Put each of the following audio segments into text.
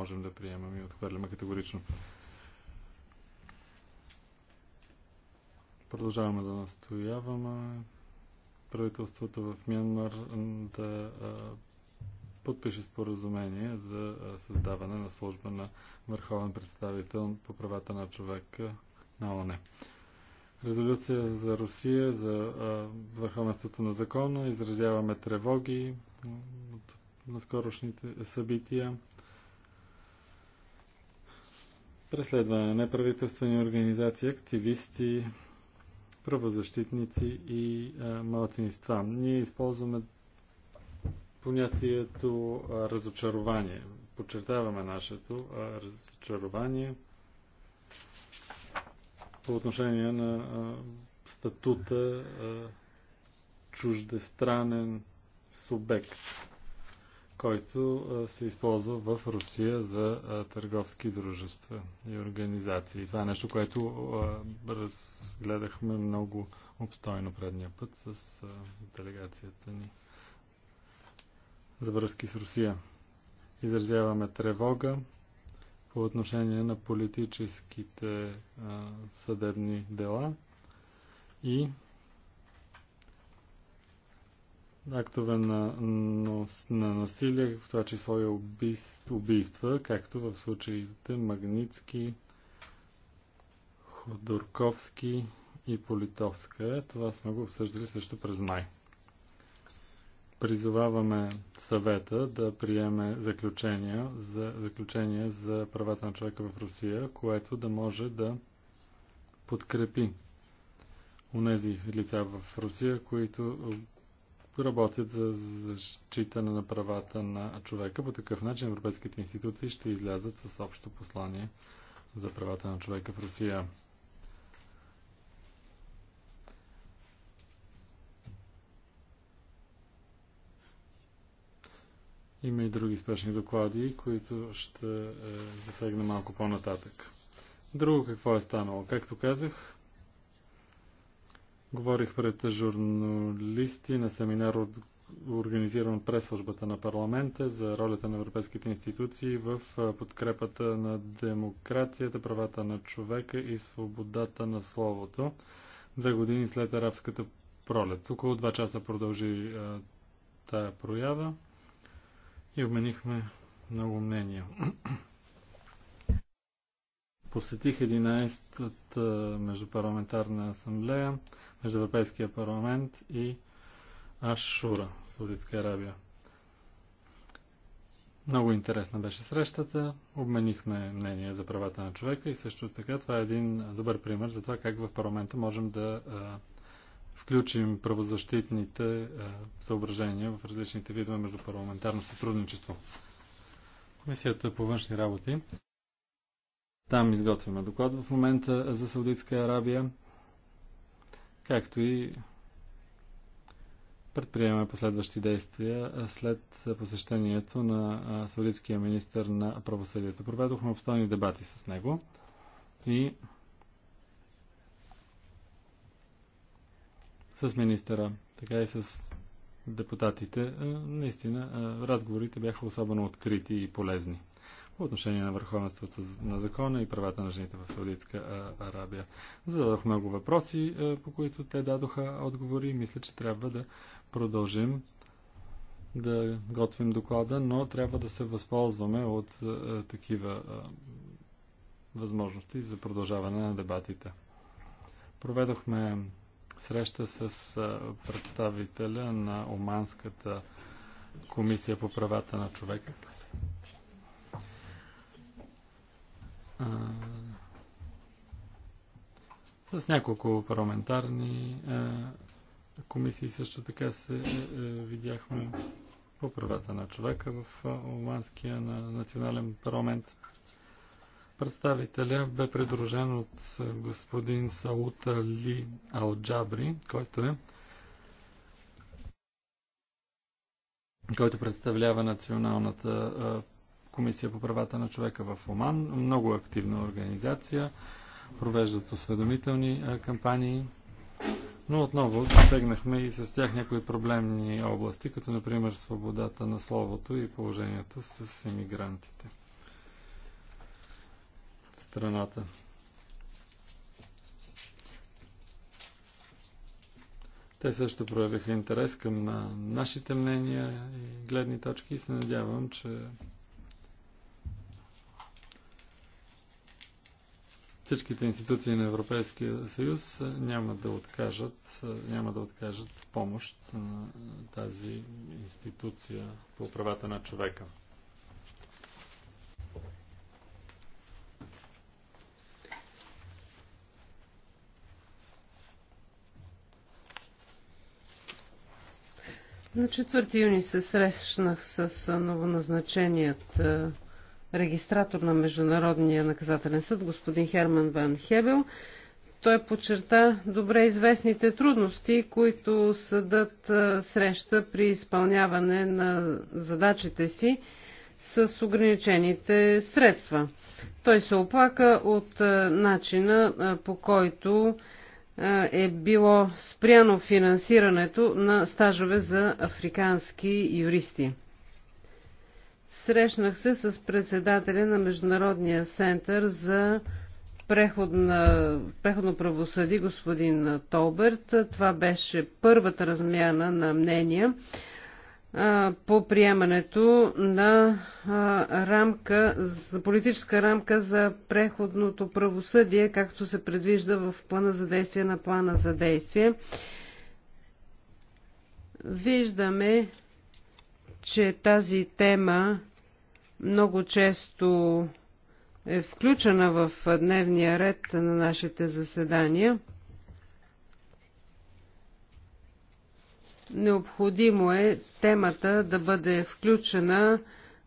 можем да приемем и отхвърляме категорично. Продължаваме да настояваме правителството в Мянмар да подпише споразумение за създаване на служба на върховен представител по правата на човека на ОНЕ. Резолюция за Русия, за а, върховенството на закона, изразяваме тревоги от наскорошните събития преследване на неправителствени организации, активисти, правозащитници и малцинства. Ние използваме понятието разочарование. Подчертаваме нашето разочарование по отношение на статута чуждестранен субект който се използва в Русия за търговски дружества и организации. Това е нещо, което разгледахме много обстойно предния път с делегацията ни за връзки с Русия. Изразяваме тревога по отношение на политическите съдебни дела и актове на, на, на насилие, в това число и убийств, убийства, както в случаите Магницки, Ходорковски и Политовска. Това сме го обсъждали също през май. Призоваваме съвета да приеме заключения за, заключение за правата на човека в Русия, което да може да подкрепи унези лица в Русия, които които работят за защитане на правата на човека. По такъв начин европейските институции ще излязат с общо послание за правата на човека в Русия. Има и други спешни доклади, които ще е, засегна малко по-нататък. Друго какво е станало? Както казах, Говорих пред журналисти на семинар, организиран от пресължбата на парламента за ролята на европейските институции в подкрепата на демокрацията, правата на човека и свободата на словото. Две години след арабската пролет. Около два часа продължи а, тая проява и обменихме много мнения. Посетих 11-та Междупарламентарна асамблея между Европейския парламент и Ашура, Саудитска Арабия. Много интересна беше срещата. Обменихме мнение за правата на човека и също така това е един добър пример за това как в парламента можем да включим правозащитните съображения в различните видове между парламентарно сътрудничество. Комисията по външни работи там изготвяме доклад в момента за Саудитска Арабия, както и предприемаме последващи действия след посещението на саудитския министр на правосъдието. Проведохме обстойни дебати с него и с министъра, така и с депутатите. Наистина, разговорите бяха особено открити и полезни по отношение на върховенството на закона и правата на жените в Саудитска Арабия. Зададох много въпроси, по които те дадоха отговори и мисля, че трябва да продължим да готвим доклада, но трябва да се възползваме от такива възможности за продължаване на дебатите. Проведохме среща с представителя на Оманската комисия по правата на човека с няколко парламентарни комисии също така се е, е, видяхме по правата на човека в Оманския на национален парламент. Представителя бе придружен от господин Саута Ли Алджабри, който е който представлява Националната Комисия по правата на човека в Оман. Много активна организация. Провеждат осведомителни кампании. Но отново засегнахме и с тях някои проблемни области, като например свободата на словото и положението с емигрантите в страната. Те също проявиха интерес към нашите мнения и гледни точки и се надявам, че всичките институции на Европейския съюз няма да откажат, няма да откажат помощ на тази институция по правата на човека. На 4 юни се срещнах с новоназначеният регистратор на Международния наказателен съд, господин Херман Ван Хебел. Той подчерта добре известните трудности, които съдът среща при изпълняване на задачите си с ограничените средства. Той се оплака от начина по който е било спряно финансирането на стажове за африкански юристи. Срещнах се с председателя на Международния център за преходна, преходно правосъди, господин Толберт. Това беше първата размяна на мнения по приемането на рамка, за политическа рамка за преходното правосъдие, както се предвижда в плана за действие на плана за действие. Виждаме, че тази тема много често е включена в дневния ред на нашите заседания. Необходимо е темата да бъде включена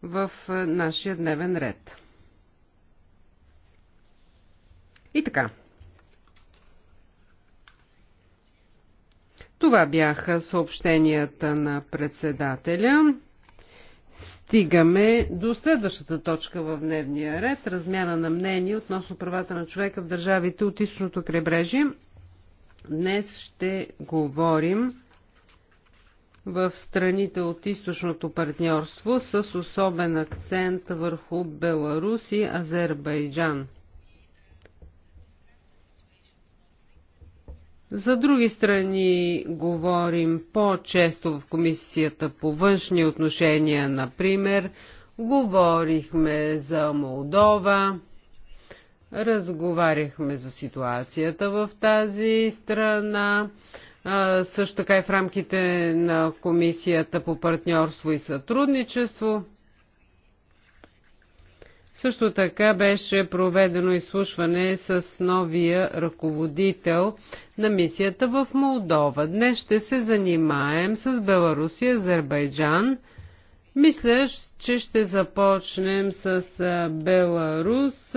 в нашия дневен ред. И така. Това бяха съобщенията на председателя. Стигаме до следващата точка в дневния ред размяна на мнение относно правата на човека в държавите от източното крайбрежие. Днес ще говорим в страните от източното партньорство с особен акцент върху Беларус и Азербайджан. За други страни говорим по-често в Комисията по външни отношения, например, говорихме за Молдова, разговаряхме за ситуацията в тази страна, също така и в рамките на Комисията по партньорство и сътрудничество. Също така беше проведено изслушване с новия ръководител на мисията в Молдова. Днес ще се занимаем с Беларусия, Азербайджан. Мисля, че ще започнем с Беларус,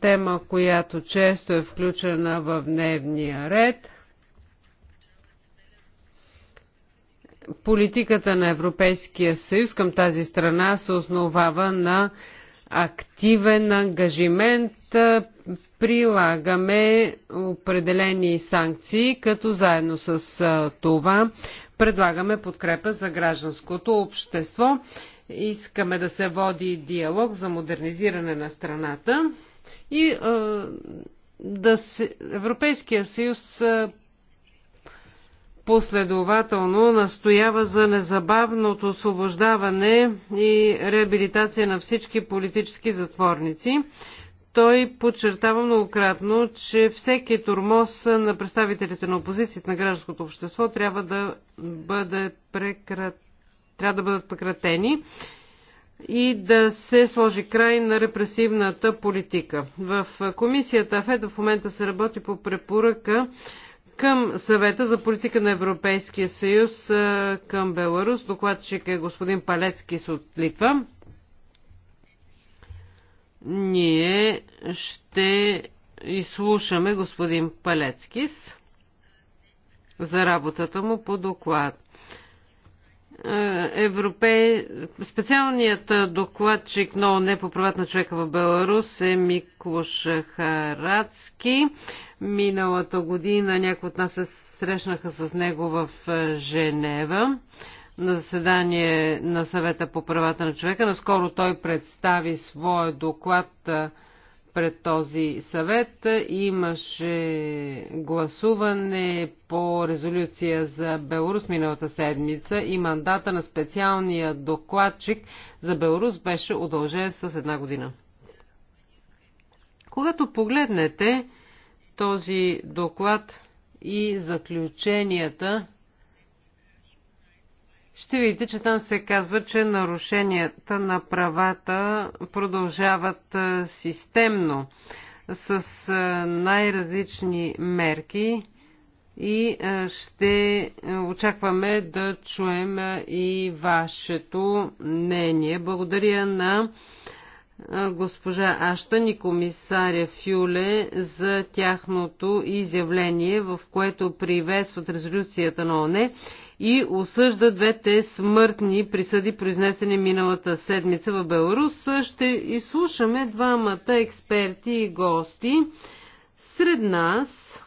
тема, която често е включена в дневния ред – Политиката на Европейския съюз към тази страна се основава на активен ангажимент. Прилагаме определени санкции, като заедно с това предлагаме подкрепа за гражданското общество. Искаме да се води диалог за модернизиране на страната и да се, Европейския съюз последователно настоява за незабавното освобождаване и реабилитация на всички политически затворници. Той подчертава многократно, че всеки турмоз на представителите на опозицията на гражданското общество трябва да, бъде прекрат... трябва да бъдат прекратени и да се сложи край на репресивната политика. В комисията ФЕД в момента се работи по препоръка към съвета за политика на Европейския съюз към Беларус. Докладчик е господин Палецки от Литва. Ние ще изслушаме господин Палецкис за работата му по доклад. Е, Европе... Специалният докладчик на ОНЕ по правата на човека в Беларус е Миклош Харацки. Миналата година някои от нас се срещнаха с него в е, Женева на заседание на съвета по правата на човека. Наскоро той представи своя доклад е, пред този съвет. Имаше гласуване по резолюция за Беларус миналата седмица и мандата на специалния докладчик за Беларус беше удължен с една година. Когато погледнете този доклад и заключенията, ще видите, че там се казва, че нарушенията на правата продължават системно с най-различни мерки и ще очакваме да чуем и вашето мнение. Благодаря на госпожа Аштан и комисаря Фюле за тяхното изявление, в което приветстват резолюцията на ОНЕ и осъжда двете смъртни присъди, произнесени миналата седмица в Беларус. Ще изслушаме двамата експерти и гости. Сред нас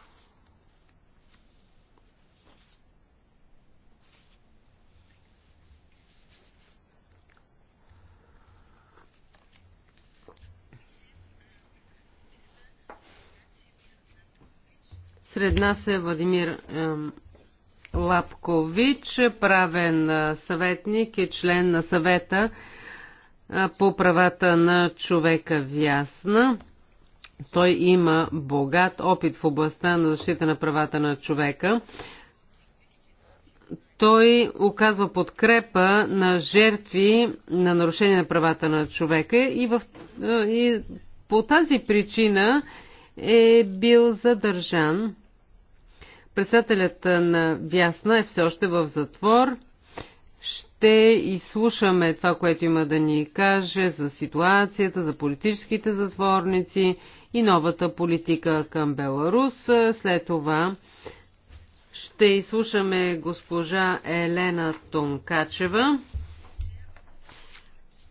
Сред нас е Владимир Лапкович, правен съветник и член на съвета по правата на човека в Ясна. Той има богат опит в областта на защита на правата на човека. Той оказва подкрепа на жертви на нарушение на правата на човека и, в, и по тази причина е бил задържан Председателят на Вясна е все още в затвор. Ще изслушаме това, което има да ни каже за ситуацията, за политическите затворници и новата политика към Беларус. След това ще изслушаме госпожа Елена Тонкачева,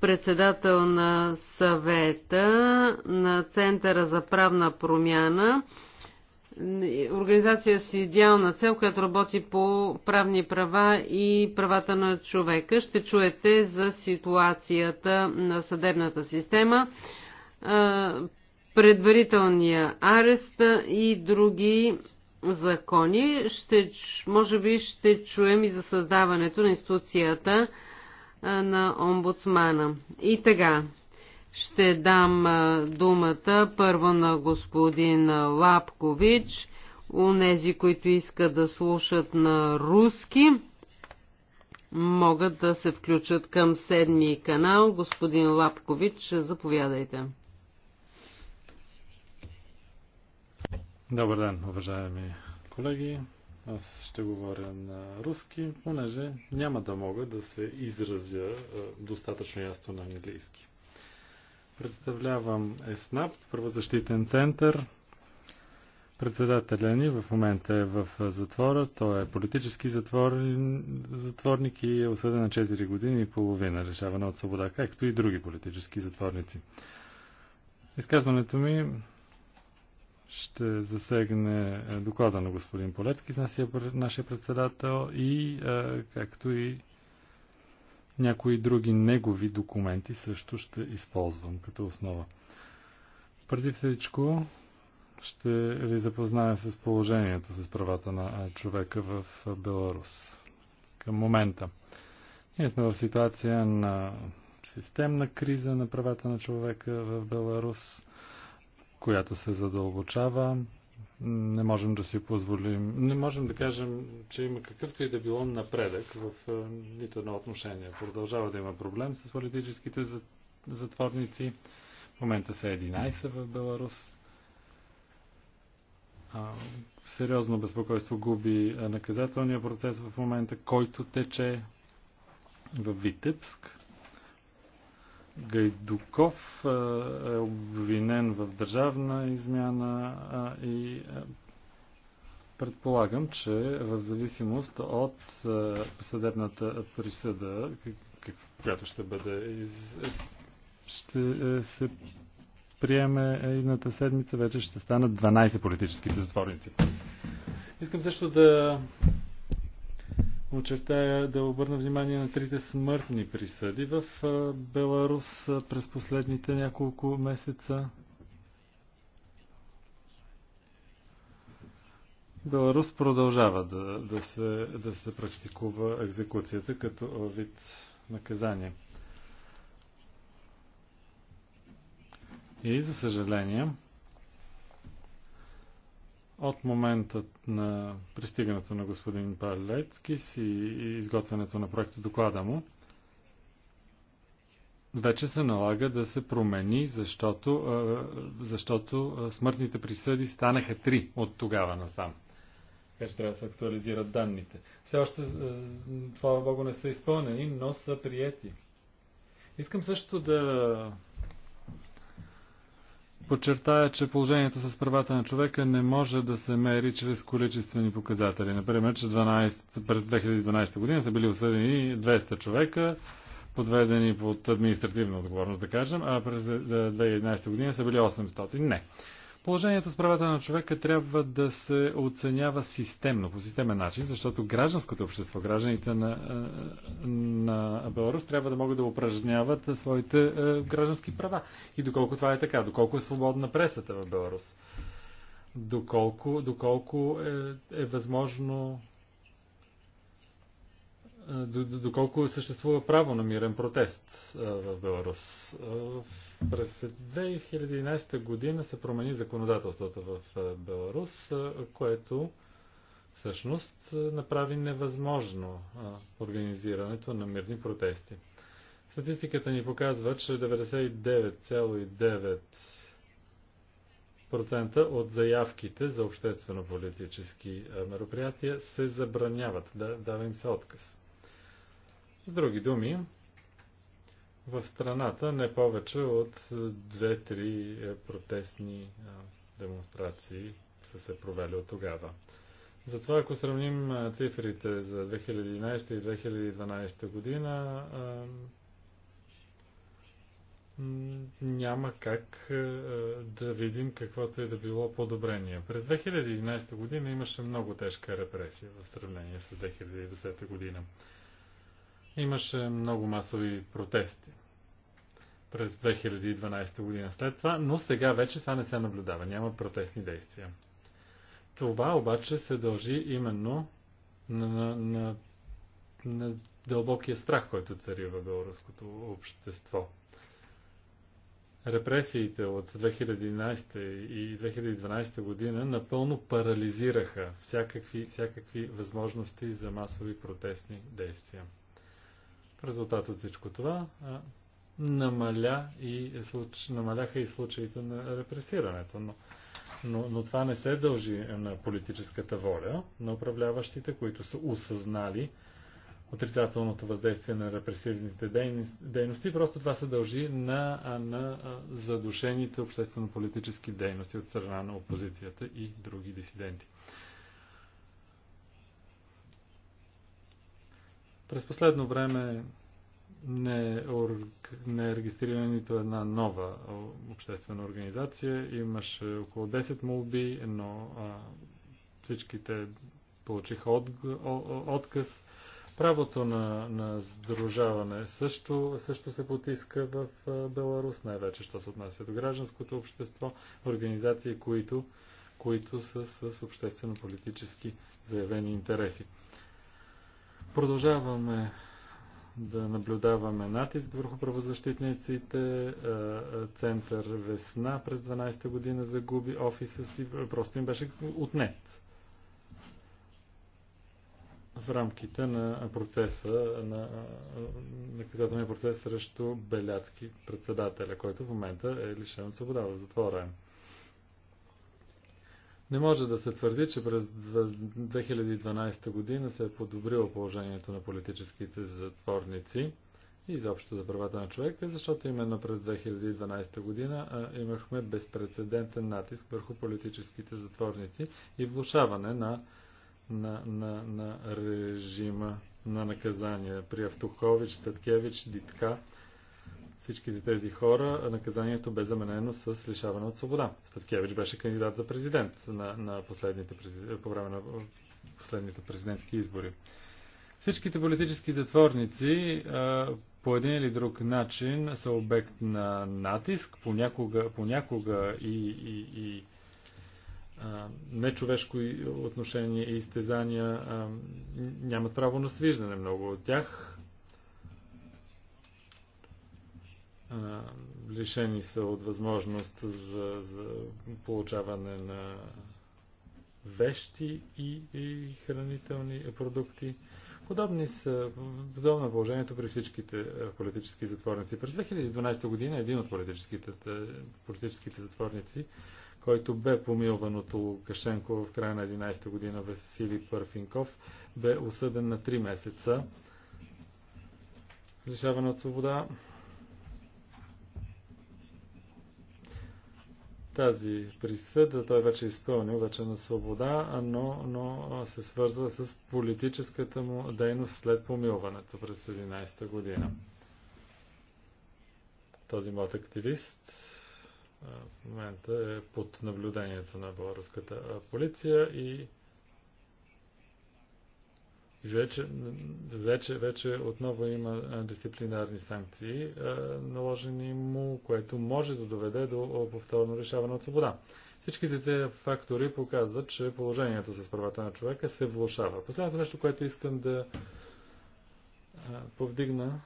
председател на съвета на Центъра за правна промяна организация с идеална цел, която работи по правни права и правата на човека. Ще чуете за ситуацията на съдебната система, предварителния арест и други закони. Ще, може би ще чуем и за създаването на институцията на омбудсмана. И така, ще дам думата първо на господин Лапкович, унези, които искат да слушат на руски, могат да се включат към седми канал. Господин Лапкович, заповядайте. Добър ден, уважаеми колеги. Аз ще говоря на руски, понеже няма да мога да се изразя достатъчно ясно на английски. Представлявам ЕСНАП, правозащитен център. Председателя ни в момента е в затвора. Той е политически затвор, затворник и е осъден на 4 години и половина, решавана от свобода, както и други политически затворници. Изказването ми ще засегне е, доклада на господин Полецки, нашия председател, и е, както и някои други негови документи също ще използвам като основа. Преди всичко ще ви запозная с положението с правата на човека в Беларус. Към момента. Ние сме в ситуация на системна криза на правата на човека в Беларус, която се задълбочава не можем да си позволим, не можем да кажем, че има какъвто и да било напредък в нито едно отношение. Продължава да има проблем с политическите затворници. В момента са 11 в Беларус. Сериозно безпокойство губи наказателния процес в момента, който тече в Витебск. Гайдуков е обвинен в държавна измяна и предполагам, че в зависимост от съдебната присъда, която ще бъде из... ще е, се приеме едната седмица, вече ще станат 12 политическите затворници. Искам също да очертая да обърна внимание на трите смъртни присъди в Беларус през последните няколко месеца. Беларус продължава да, да, се, да се практикува екзекуцията като вид наказание. И за съжаление, от моментът на пристигането на господин Палецкис и изготвянето на проекта доклада му, вече се налага да се промени, защото, защото смъртните присъди станаха три от тогава насам. Така че трябва да се актуализират данните. Все още, слава Богу, не са изпълнени, но са приети. Искам също да подчертая, че положението с правата на човека не може да се мери чрез количествени показатели. Например, че 12, през 2012 година са били осъдени 200 човека, подведени под административна отговорност, да кажем, а през 2011 е, година са били 800. Не. Положението с правата на човека трябва да се оценява системно, по системен начин, защото гражданското общество, гражданите на, на Беларус трябва да могат да упражняват своите граждански права. И доколко това е така, доколко е свободна пресата в Беларус, доколко, доколко е, е възможно доколко съществува право на мирен протест в Беларус. В през 2011 година се промени законодателството в Беларус, което всъщност направи невъзможно организирането на мирни протести. Статистиката ни показва, че 99,9% от заявките за обществено-политически мероприятия се забраняват, да, дава им се отказ. С други думи, в страната не повече от 2-3 е, протестни е, демонстрации са се провели от тогава. Затова, ако сравним е, цифрите за 2011 и 2012 година, няма как да видим каквото и да било подобрение. През 2011 година имаше много тежка репресия в сравнение с 2010 година имаше много масови протести през 2012 година след това, но сега вече това не се наблюдава. Няма протестни действия. Това обаче се дължи именно на, на, на, на дълбокия страх, който цари в българското общество. Репресиите от 2011 и 2012 година напълно парализираха всякакви, всякакви възможности за масови протестни действия. В резултат от всичко това намаля и, случ... намаляха и случаите на репресирането. Но, но, но това не се дължи на политическата воля на управляващите, които са осъзнали отрицателното въздействие на репресивните дейности. Просто това се дължи на, на задушените обществено-политически дейности от страна на опозицията и други дисиденти. През последно време не е, не е регистрирана нито една нова обществена организация. Имаше около 10 молби, но а, всичките получиха от, отказ. Правото на, на сдружаване също, също се потиска в Беларус, най-вече, що се отнася до гражданското общество, организации, които, които са с обществено-политически заявени интереси. Продължаваме да наблюдаваме натиск върху правозащитниците. Е, е, Център Весна през 12-та година загуби офиса си, просто им беше отнет в рамките на процеса, на е, наказателния процес срещу Беляцки председателя, който в момента е лишен от свобода в затвора. Не може да се твърди, че през 2012 година се е подобрило положението на политическите затворници и изобщо за правата на човека, защото именно през 2012 година а, имахме безпредседентен натиск върху политическите затворници и влушаване на, на, на, на режима на наказания при Автукович, Статкевич, Дитка всичките тези хора наказанието бе заменено с лишаване от свобода. Статкевич беше кандидат за президент на, на последните, по време на последните президентски избори. Всичките политически затворници по един или друг начин са обект на натиск, понякога, понякога и, и, и нечовешко отношение и изтезания нямат право на свиждане много от тях. лишени са от възможност за, за получаване на вещи и, и хранителни продукти. Подобни са, подобно е положението при всичките политически затворници. През 2012 година един от политическите, политическите затворници, който бе помилван от Лукашенко в края на 11 година, Василий Парфинков, бе осъден на 3 месеца. Лишаване от свобода тази присъда той вече е изпълнил, вече е на свобода, но, но се свързва с политическата му дейност след помилването през 17-та година. Този млад активист в момента е под наблюдението на българската полиция и вече, вече, вече отново има дисциплинарни санкции, наложени му, което може да доведе до повторно решаване от свобода. Всичките тези фактори показват, че положението с правата на човека се влушава. Последното нещо, което искам да повдигна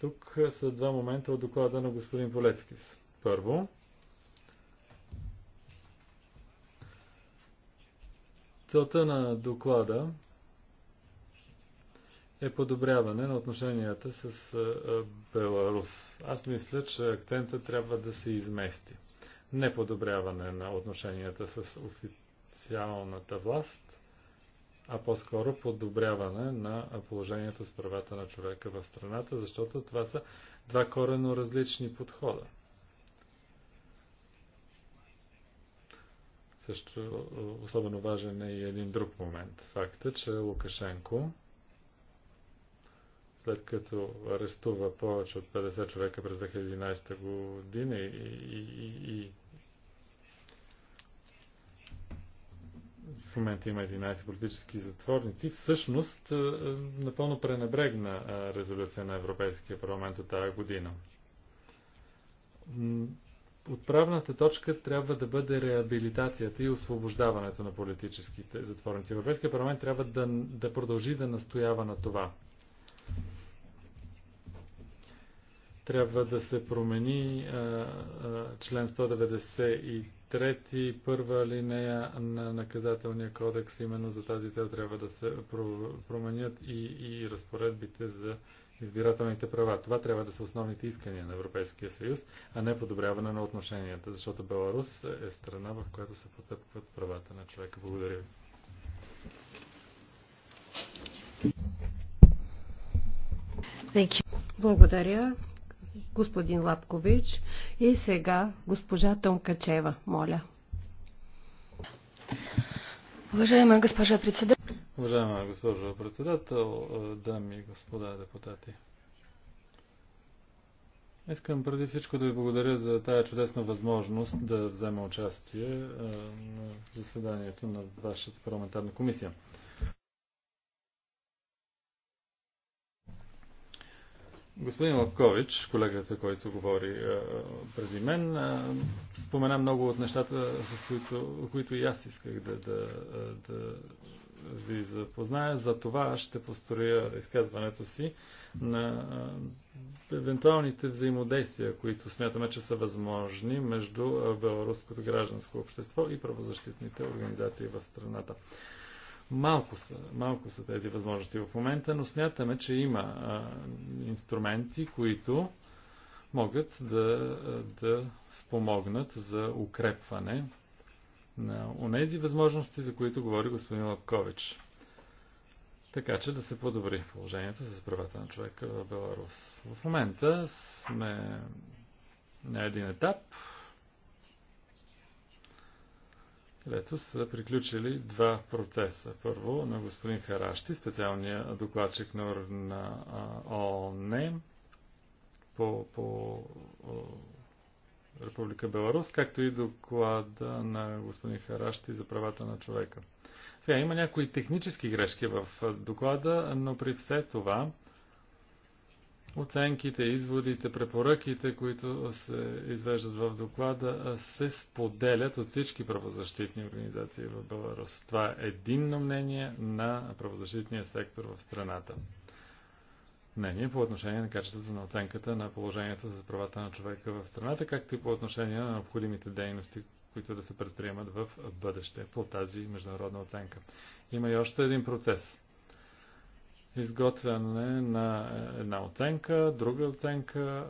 тук са два момента от доклада на господин Полецкис. Първо, целта на доклада е подобряване на отношенията с Беларус. Аз мисля, че акцента трябва да се измести. Не подобряване на отношенията с официалната власт, а по-скоро подобряване на положението с правата на човека в страната, защото това са два корено различни подхода. Също особено важен е и един друг момент. Факта, че Лукашенко след като арестува повече от 50 човека през 2011 година и, и, и, и в момента има 11 политически затворници, всъщност е, е, напълно пренебрегна е, резолюция на Европейския парламент от тази година. Отправната точка трябва да бъде реабилитацията и освобождаването на политическите затворници. Европейския парламент трябва да, да продължи да настоява на това. Трябва да се промени а, а, член 193, първа линия на наказателния кодекс. Именно за тази цел трябва да се променят и, и разпоредбите за избирателните права. Това трябва да са основните искания на Европейския съюз, а не подобряване на отношенията, защото Беларус е страна, в която се потъпват правата на човека. Благодаря ви. Благодаря господин Лапкович и сега госпожа Тонкачева, моля. Уважаема госпожа председател. Уважаема госпожа председател, дами и господа депутати. Искам преди всичко да ви благодаря за тая чудесна възможност да взема участие на заседанието на вашата парламентарна комисия. Господин Лавкович, колегата, който говори а, е, преди мен, а, е, спомена много от нещата, с които, които и аз исках да, да, е, да ви запозная. За това ще построя изказването си на а, евентуалните взаимодействия, които смятаме, че са възможни между беларуското гражданско общество и правозащитните организации в страната. Малко са, малко са тези възможности в момента, но смятаме, че има а, инструменти, които могат да, да спомогнат за укрепване на тези възможности, за които говори господин Лапкович. Така че да се подобри положението с правата на човека в Беларус. В момента сме на един етап, където са приключили два процеса. Първо на господин Харашти, специалния докладчик на, на ООН по, по Република Беларус, както и доклада на господин Харашти за правата на човека. Сега има някои технически грешки в доклада, но при все това Оценките, изводите, препоръките, които се извеждат в доклада, се споделят от всички правозащитни организации в Беларус. Това е единно мнение на правозащитния сектор в страната. Мнение по отношение на качеството на оценката на положението за правата на човека в страната, както и по отношение на необходимите дейности, които да се предприемат в бъдеще по тази международна оценка. Има и още един процес изготвяне на една оценка, друга оценка,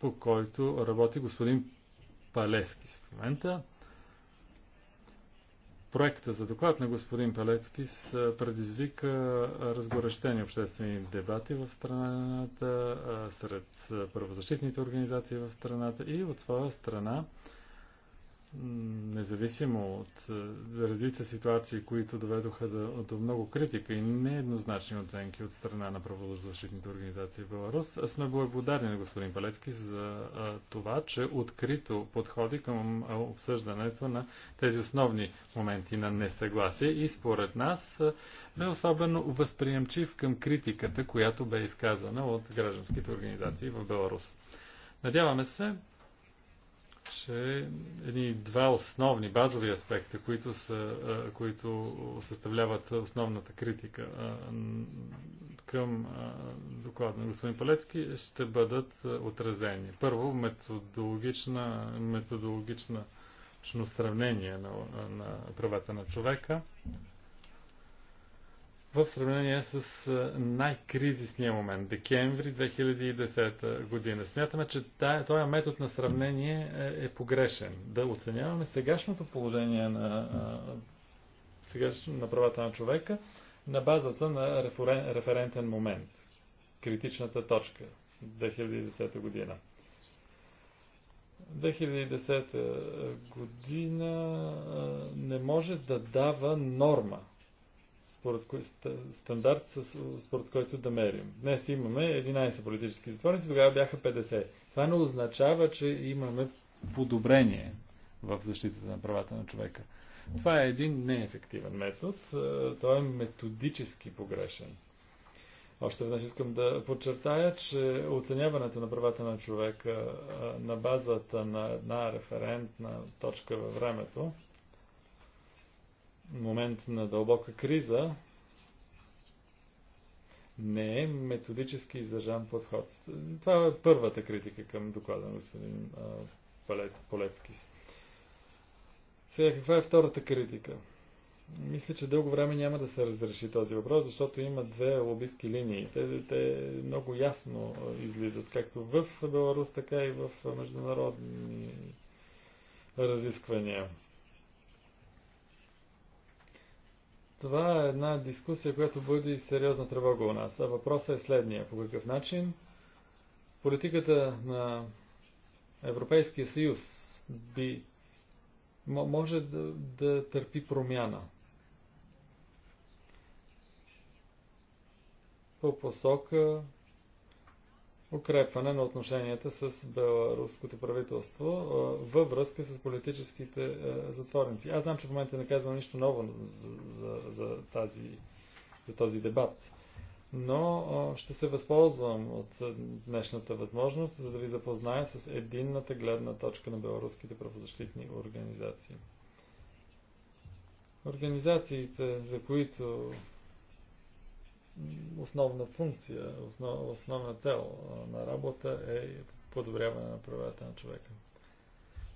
по който работи господин Палески в момента. Проекта за доклад на господин Палецки предизвика разгорещени обществени дебати в страната, сред правозащитните организации в страната и от своя страна независимо от е, редица ситуации, които доведоха до, до много критика и нееднозначни оценки от страна на правозащитните организации в Беларус, сме благодарни на господин Палецки за е, това, че открито подходи към е, обсъждането на тези основни моменти на несъгласие и според нас бе особено възприемчив към критиката, която бе изказана от гражданските организации в Беларус. Надяваме се, че едни два основни, базови аспекта, които, са, които съставляват основната критика към доклада на господин Палецки, ще бъдат отразени. Първо, методологична, методологична сравнение на, на правата на човека в сравнение с най-кризисния момент, декември 2010 година. Смятаме, че този метод на сравнение е, е погрешен. Да оценяваме сегашното положение на, сегаш, на правата на човека на базата на референ, референтен момент, критичната точка 2010 година. 2010 година не може да дава норма според кой, стандарт, според който да мерим. Днес имаме 11 политически затворници, тогава бяха 50. Това не означава, че имаме подобрение в защитата на правата на човека. Това е един неефективен метод. Е, той е методически погрешен. Още веднъж искам да подчертая, че оценяването на правата на човека е, на базата на една референтна точка във времето момент на дълбока криза не е методически издържан подход. Това е първата критика към доклада на господин Полецки. Сега, каква е втората критика? Мисля, че дълго време няма да се разреши този въпрос, защото има две лобистки линии. Те, те много ясно излизат, както в Беларус, така и в международни разисквания. Това е една дискусия, която буди сериозна тревога у нас. А въпросът е следния. По какъв начин политиката на Европейския съюз би може да, да търпи промяна по посока укрепване на отношенията с беларуското правителство във връзка с политическите затворници. Аз знам, че в момента не казвам нищо ново за, за, за, тази, за този дебат, но ще се възползвам от днешната възможност, за да ви запозная с единната гледна точка на беларуските правозащитни организации. Организациите, за които основна функция, основ, основна цел на работа е подобряване на правата на човека.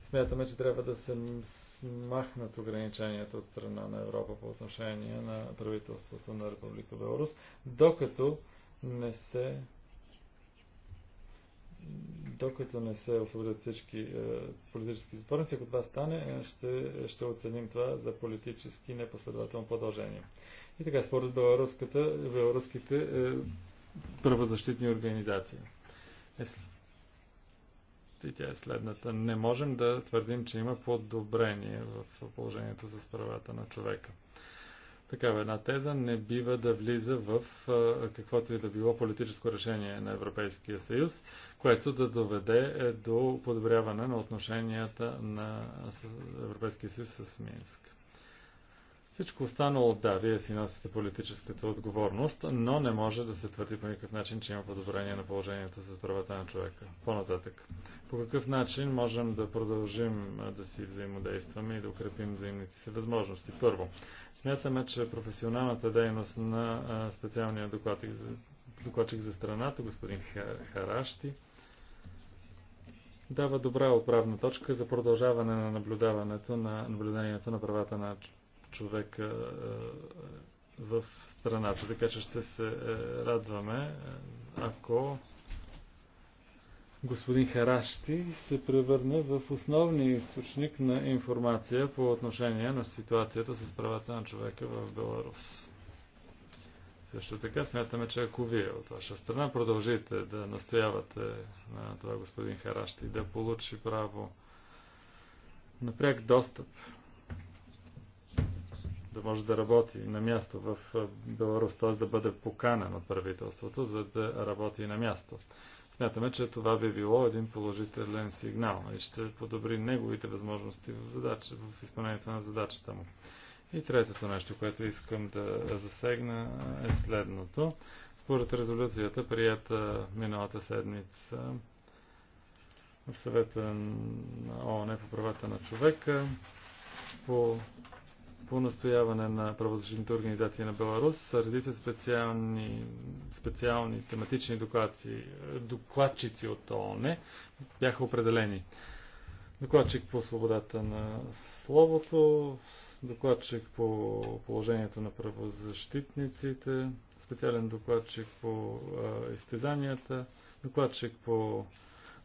Смятаме, че трябва да се смахнат ограниченията от страна на Европа по отношение на правителството на Република Беларус, докато не се докато не се освободят всички е, политически затворници, ако това стане, е, ще, ще оценим това за политически непоследователно продължение. И така, според беларуските е, правозащитни организации. Е, и тя е следната. Не можем да твърдим, че има подобрение в положението с правата на човека. Такава една теза не бива да влиза в е, каквото и да било политическо решение на Европейския съюз, което да доведе е, до подобряване на отношенията на Европейския съюз с Минск. Всичко останало, да, вие си носите политическата отговорност, но не може да се твърди по никакъв начин, че има подобрение на положението с правата на човека. По-нататък. По какъв начин можем да продължим да си взаимодействаме и да укрепим взаимните си възможности? Първо, смятаме, че професионалната дейност на специалния докладчик за, докладчик за страната, господин Харашти, дава добра отправна точка за продължаване на наблюдаването на наблюдението на правата на човека е, в страната. Така че ще се е, радваме, е, ако господин Харашти се превърне в основния източник на информация по отношение на ситуацията с правата на човека в Беларус. Също така смятаме, че ако вие от ваша страна продължите да настоявате на това господин Харашти да получи право на пряк достъп да може да работи на място в Беларус, т.е. да бъде поканен от правителството, за да работи на място. Смятаме, че това би било един положителен сигнал и ще подобри неговите възможности в, задача, в изпълнението на задачата му. И третото нещо, което искам да засегна е следното. Според резолюцията, прията миналата седмица в съвета на ООН по правата на човека, по по настояване на правозащитните организации на Беларус, редица специални, специални тематични доклади, докладчици от ООН бяха определени. Докладчик по свободата на словото, докладчик по положението на правозащитниците, специален докладчик по изтезанията, докладчик по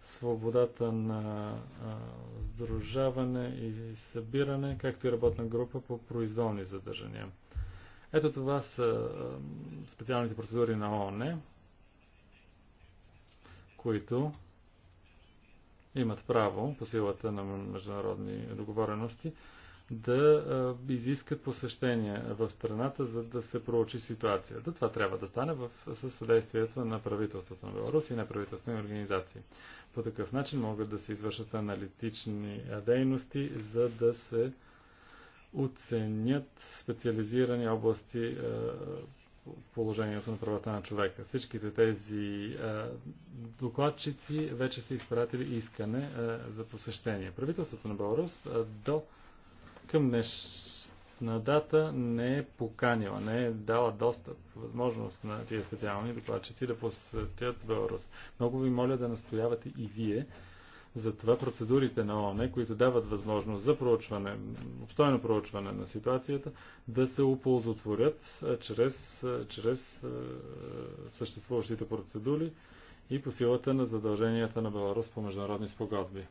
свободата на а, сдружаване и събиране, както и работна група по произволни задържания. Ето това са а, специалните процедури на ООН, които имат право по силата на международни договорености да изискат посещение в страната, за да се проучи ситуацията. Това трябва да стане в, със съдействието на правителството на Беларус и на правителствени организации. По такъв начин могат да се извършат аналитични дейности, за да се оценят специализирани области положението на правата на човека. Всичките тези а, докладчици вече са изпратили искане а, за посещение. Правителството на Беларус до към днешна дата не е поканила, не е дала достъп, възможност на тези специални докладчици да посетят Беларус. Много ви моля да настоявате и вие за това процедурите на ООН, които дават възможност за проучване, обстойно проучване на ситуацията, да се оползотворят чрез, чрез съществуващите процедури и по силата на задълженията на Беларус по международни спогодби.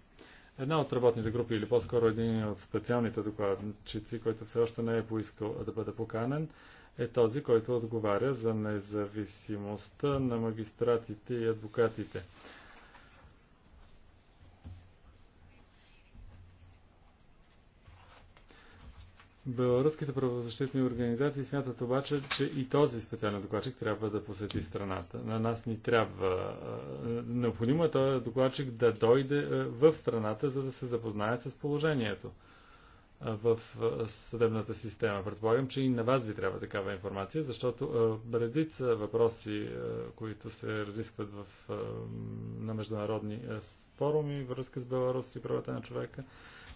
Една от работните групи, или по-скоро един от специалните докладчици, който все още не е поискал да бъде поканен, е този, който отговаря за независимостта на магистратите и адвокатите. Беларуските правозащитни организации смятат обаче, че и този специален докладчик трябва да посети страната. На нас ни трябва. Необходимо е този докладчик да дойде в страната, за да се запознае с положението в съдебната система. Предполагам, че и на вас ви трябва такава информация, защото редица въпроси, които се разискват в, на международни форуми, връзка с Беларус и правата на човека,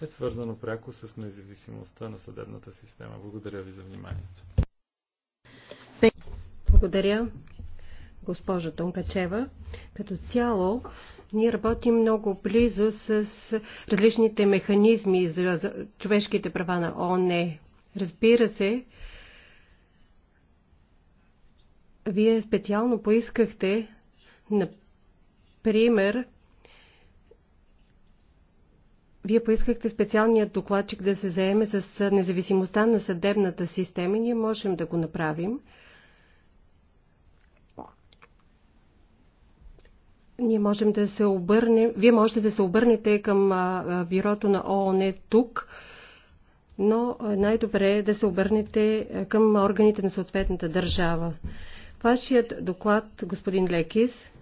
е свързано пряко с независимостта на съдебната система. Благодаря ви за вниманието. Благодаря, госпожа Тонкачева. Като цяло, ние работим много близо с различните механизми за човешките права на ООН. Разбира се, вие специално поискахте, например, вие поискахте специалният докладчик да се заеме с независимостта на съдебната система и ние можем да го направим. Ние можем да се обърнем, вие можете да се обърнете към бюрото на ООН тук, но най-добре е да се обърнете към органите на съответната държава. Вашият доклад, господин Лекис,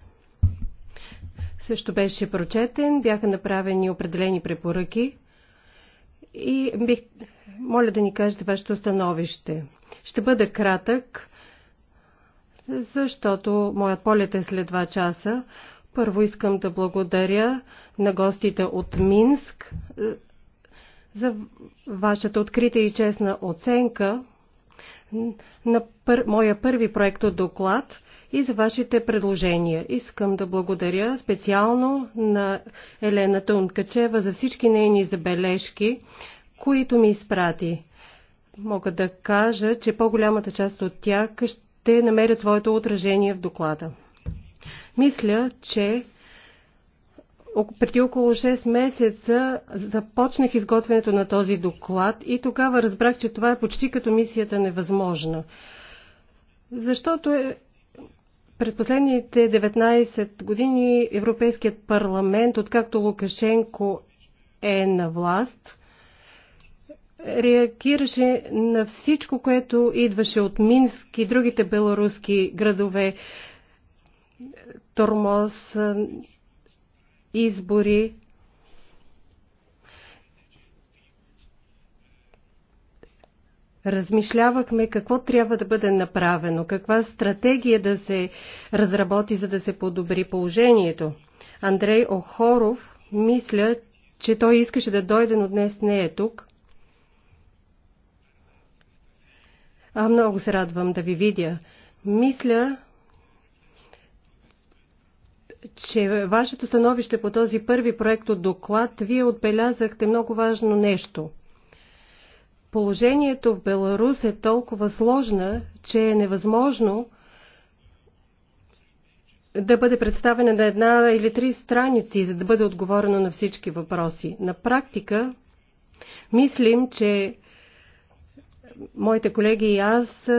също беше прочетен, бяха направени определени препоръки и бих... моля да ни кажете вашето становище. Ще бъда кратък, защото моят полет е след 2 часа. Първо искам да благодаря на гостите от Минск е, за вашата открита и честна оценка на пър... моя първи проект от доклад и за вашите предложения. Искам да благодаря специално на Елена Тункачева за всички нейни забележки, които ми изпрати. Мога да кажа, че по-голямата част от тях ще намерят своето отражение в доклада. Мисля, че преди около 6 месеца започнах изготвянето на този доклад и тогава разбрах, че това е почти като мисията невъзможна. Защото е, през последните 19 години Европейският парламент, откакто Лукашенко е на власт, реагираше на всичко, което идваше от Минск и другите беларуски градове. Тормоз, избори. Размишлявахме какво трябва да бъде направено, каква стратегия да се разработи, за да се подобри положението. Андрей Охоров мисля, че той искаше да дойде, но днес не е тук. А много се радвам да ви видя. Мисля, че вашето становище по този първи проект от доклад, вие отбелязахте много важно нещо. Положението в Беларус е толкова сложна, че е невъзможно да бъде представена на една или три страници, за да бъде отговорено на всички въпроси. На практика, мислим, че моите колеги и аз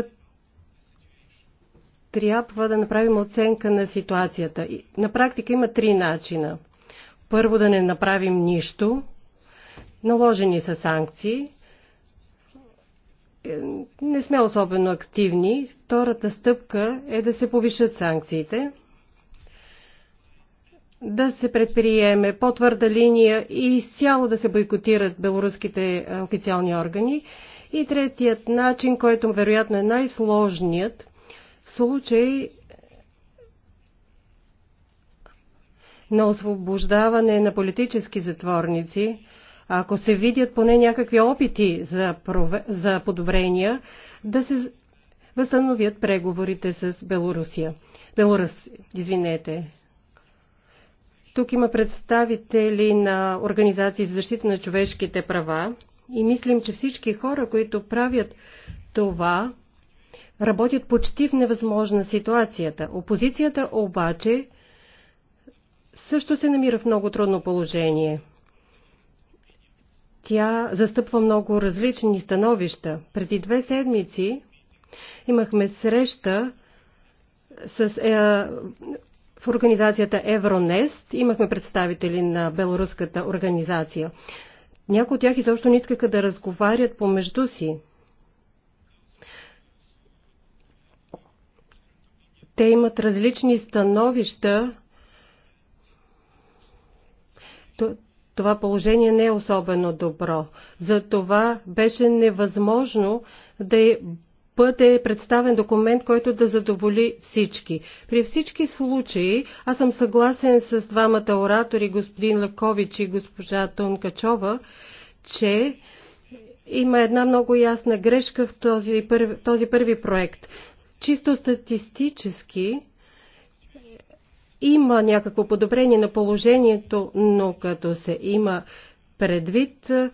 трябва да направим оценка на ситуацията. На практика има три начина. Първо да не направим нищо, наложени са санкции, е, не сме особено активни. Втората стъпка е да се повишат санкциите, да се предприеме по-твърда линия и изцяло да се бойкотират белоруските е, официални органи. И третият начин, който вероятно е най-сложният, случай на освобождаване на политически затворници, ако се видят поне някакви опити за, прове... за подобрения, да се възстановят преговорите с Белорусия. Белорус, извинете. Тук има представители на Организации за защита на човешките права и мислим, че всички хора, които правят това, работят почти в невъзможна ситуацията. Опозицията обаче също се намира в много трудно положение. Тя застъпва много различни становища. Преди две седмици имахме среща с е, в организацията Евронест. Имахме представители на беларуската организация. Някои от тях изобщо не искаха да разговарят помежду си. те имат различни становища. Това положение не е особено добро. За това беше невъзможно да е, бъде представен документ, който да задоволи всички. При всички случаи, аз съм съгласен с двамата оратори, господин Лакович и госпожа Тонкачова, че има една много ясна грешка в този, първи, този първи проект. Чисто статистически има някакво подобрение на положението, но като се има предвид е,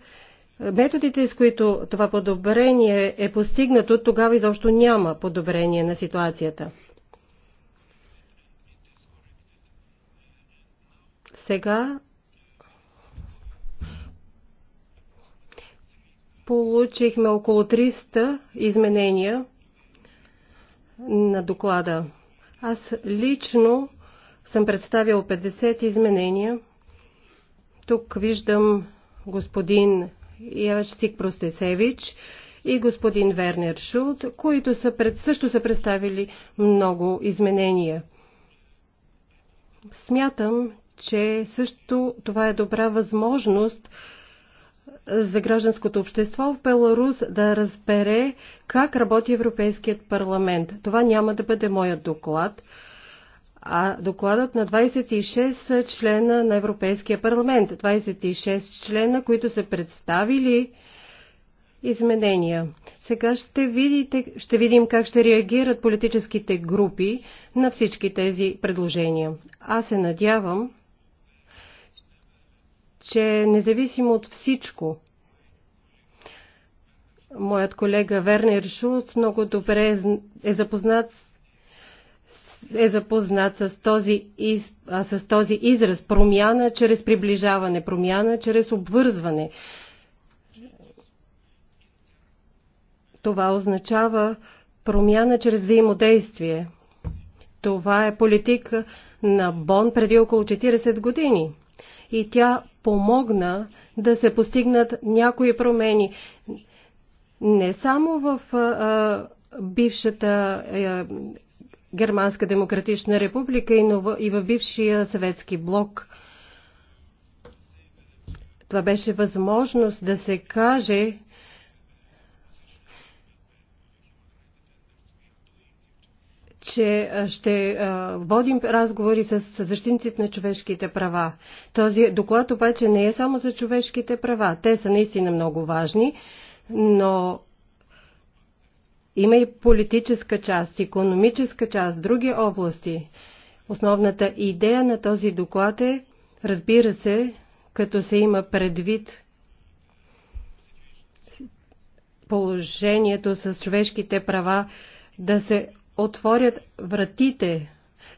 методите, с които това подобрение е постигнато, тогава изобщо няма подобрение на ситуацията. Сега получихме около 300 изменения на доклада. Аз лично съм представил 50 изменения. Тук виждам господин Явачцик Простецевич и господин Вернер Шулт, които са пред, също са представили много изменения. Смятам, че също това е добра възможност за гражданското общество в Беларус да разбере как работи Европейският парламент. Това няма да бъде моят доклад, а докладът на 26 члена на Европейския парламент. 26 члена, които са представили изменения. Сега ще, видите, ще видим как ще реагират политическите групи на всички тези предложения. Аз се надявам, че независимо от всичко, моят колега Вернер Шулц много добре е, е запознат с е запознат с този, из, а, с този израз промяна чрез приближаване, промяна чрез обвързване. Това означава промяна чрез взаимодействие. Това е политика на Бон преди около 40 години. И тя помогна да се постигнат някои промени. Не само в а, бившата а, е, Германска демократична република и, нова, и в бившия съветски блок. Това беше възможност да се каже, че ще водим разговори с защитниците на човешките права. Този доклад обаче не е само за човешките права. Те са наистина много важни, но има и политическа част, економическа част, други области. Основната идея на този доклад е, разбира се, като се има предвид положението с човешките права, да се отворят вратите,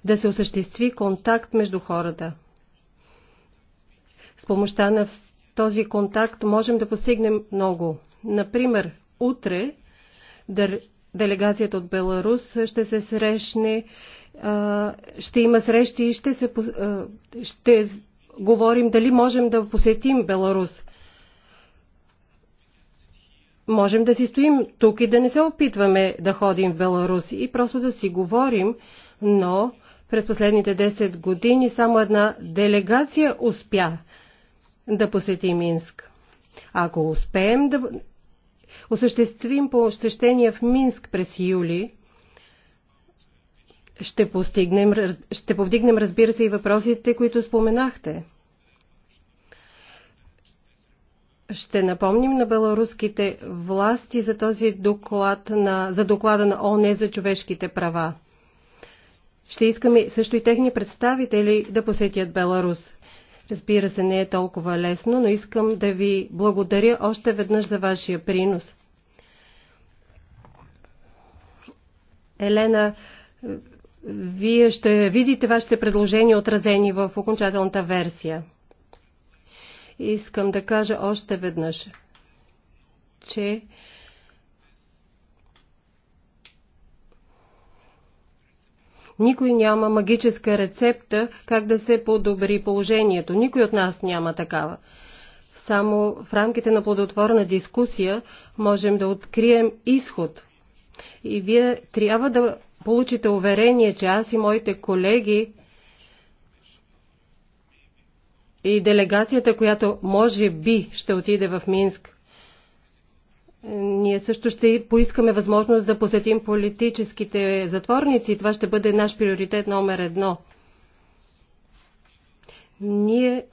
да се осъществи контакт между хората. С помощта на този контакт можем да постигнем много. Например, утре делегацията от Беларус ще се срещне, ще има срещи и ще, се, ще говорим дали можем да посетим Беларус. Можем да си стоим тук и да не се опитваме да ходим в Беларус и просто да си говорим, но през последните 10 години само една делегация успя да посети Минск. Ако успеем да осъществим посещение в Минск през юли, ще, постигнем, ще повдигнем, разбира се, и въпросите, които споменахте. Ще напомним на беларуските власти за този доклад на, за доклада на ОНЕ за човешките права. Ще искаме също и техни представители да посетят Беларус. Разбира се, не е толкова лесно, но искам да ви благодаря още веднъж за вашия принос. Елена, вие ще видите вашите предложения отразени в окончателната версия. Искам да кажа още веднъж, че Никой няма магическа рецепта как да се подобри положението. Никой от нас няма такава. Само в рамките на плодотворна дискусия можем да открием изход. И вие трябва да получите уверение, че аз и моите колеги и делегацията, която може би ще отиде в Минск. Ние също ще поискаме възможност да посетим политическите затворници. Това ще бъде наш приоритет номер едно. Ние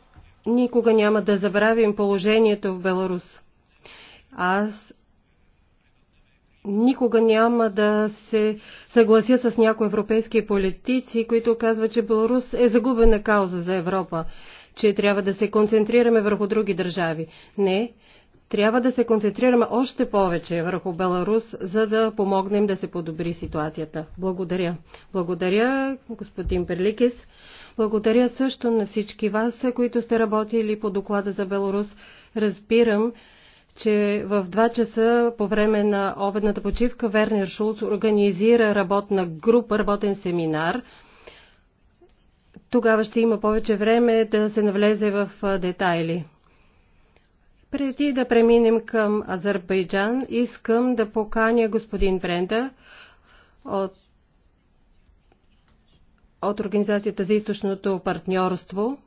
никога няма да забравим положението в Беларус. Аз никога няма да се съглася с някои европейски политици, които казват, че Беларус е загубена кауза за Европа че трябва да се концентрираме върху други държави. Не, трябва да се концентрираме още повече върху Беларус, за да помогнем да се подобри ситуацията. Благодаря. Благодаря, господин Перликис. Благодаря също на всички вас, които сте работили по доклада за Беларус. Разбирам, че в 2 часа по време на обедната почивка Вернер Шулц организира работна група, работен семинар – тогава ще има повече време да се навлезе в детайли. Преди да преминем към Азербайджан, искам да поканя господин Бренда от, от Организацията за източното партньорство,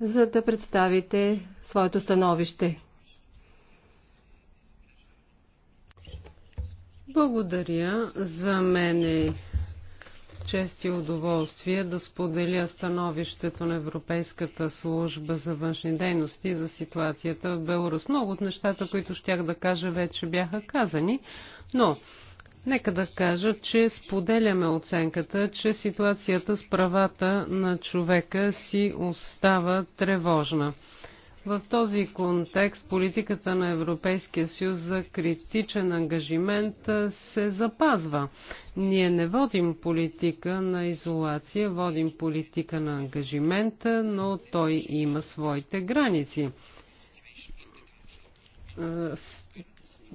за да представите своето становище. Благодаря. За мен е чест и удоволствие да споделя становището на Европейската служба за външни дейности за ситуацията в Беларус. Много от нещата, които щях да кажа, вече бяха казани, но нека да кажа, че споделяме оценката, че ситуацията с правата на човека си остава тревожна. В този контекст политиката на Европейския съюз за критичен ангажимент се запазва. Ние не водим политика на изолация, водим политика на ангажимента, но той има своите граници.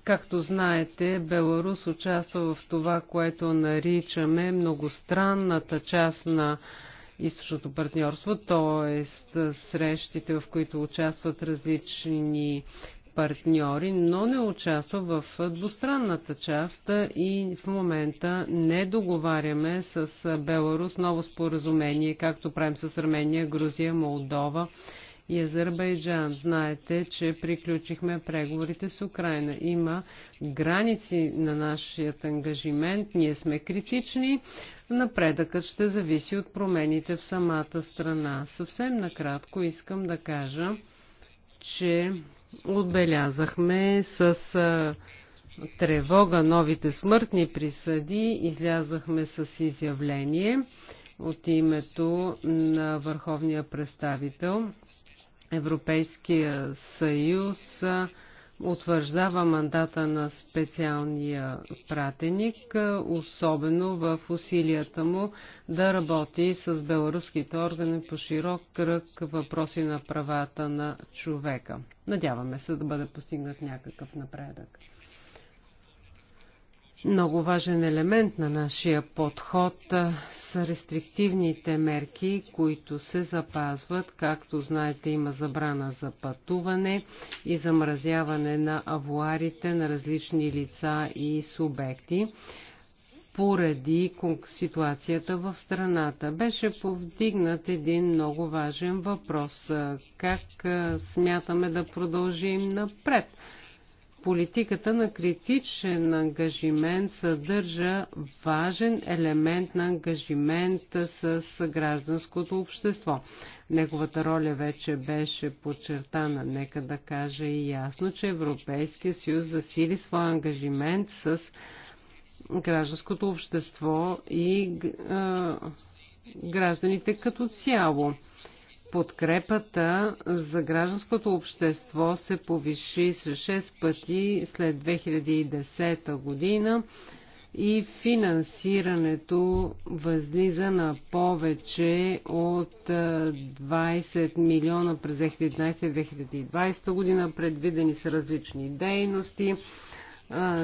Както знаете, Беларус участва в това, което наричаме многостранната част на източното партньорство, т.е. срещите, в които участват различни партньори, но не участва в двустранната част и в момента не договаряме с Беларус ново споразумение, както правим с Армения, Грузия, Молдова и Азербайджан. Знаете, че приключихме преговорите с Украина. Има граници на нашият ангажимент. Ние сме критични. Напредъкът ще зависи от промените в самата страна. Съвсем накратко искам да кажа, че отбелязахме с тревога новите смъртни присъди, излязахме с изявление от името на върховния представител Европейския съюз утвърждава мандата на специалния пратеник, особено в усилията му да работи с беларуските органи по широк кръг въпроси на правата на човека. Надяваме се да бъде постигнат някакъв напредък. Много важен елемент на нашия подход са рестриктивните мерки, които се запазват. Както знаете, има забрана за пътуване и замразяване на авуарите на различни лица и субекти поради ситуацията в страната. Беше повдигнат един много важен въпрос. Как смятаме да продължим напред? политиката на критичен ангажимент съдържа важен елемент на ангажимент с гражданското общество. Неговата роля вече беше подчертана. Нека да кажа и ясно, че Европейския съюз засили своя ангажимент с гражданското общество и е, гражданите като цяло подкрепата за гражданското общество се повиши с 6 пъти след 2010 година и финансирането възлиза на повече от 20 милиона през 2011-2020 година. Предвидени са различни дейности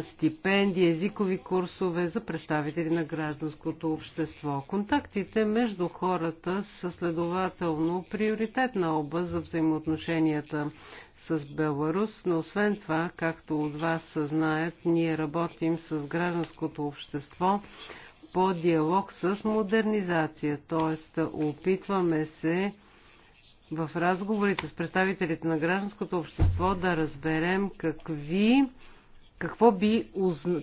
стипендии, езикови курсове за представители на гражданското общество. Контактите между хората са следователно приоритетна област за взаимоотношенията с Беларус, но освен това, както от вас знаят, ние работим с гражданското общество по диалог с модернизация, т.е. опитваме се в разговорите с представителите на гражданското общество да разберем какви какво, би,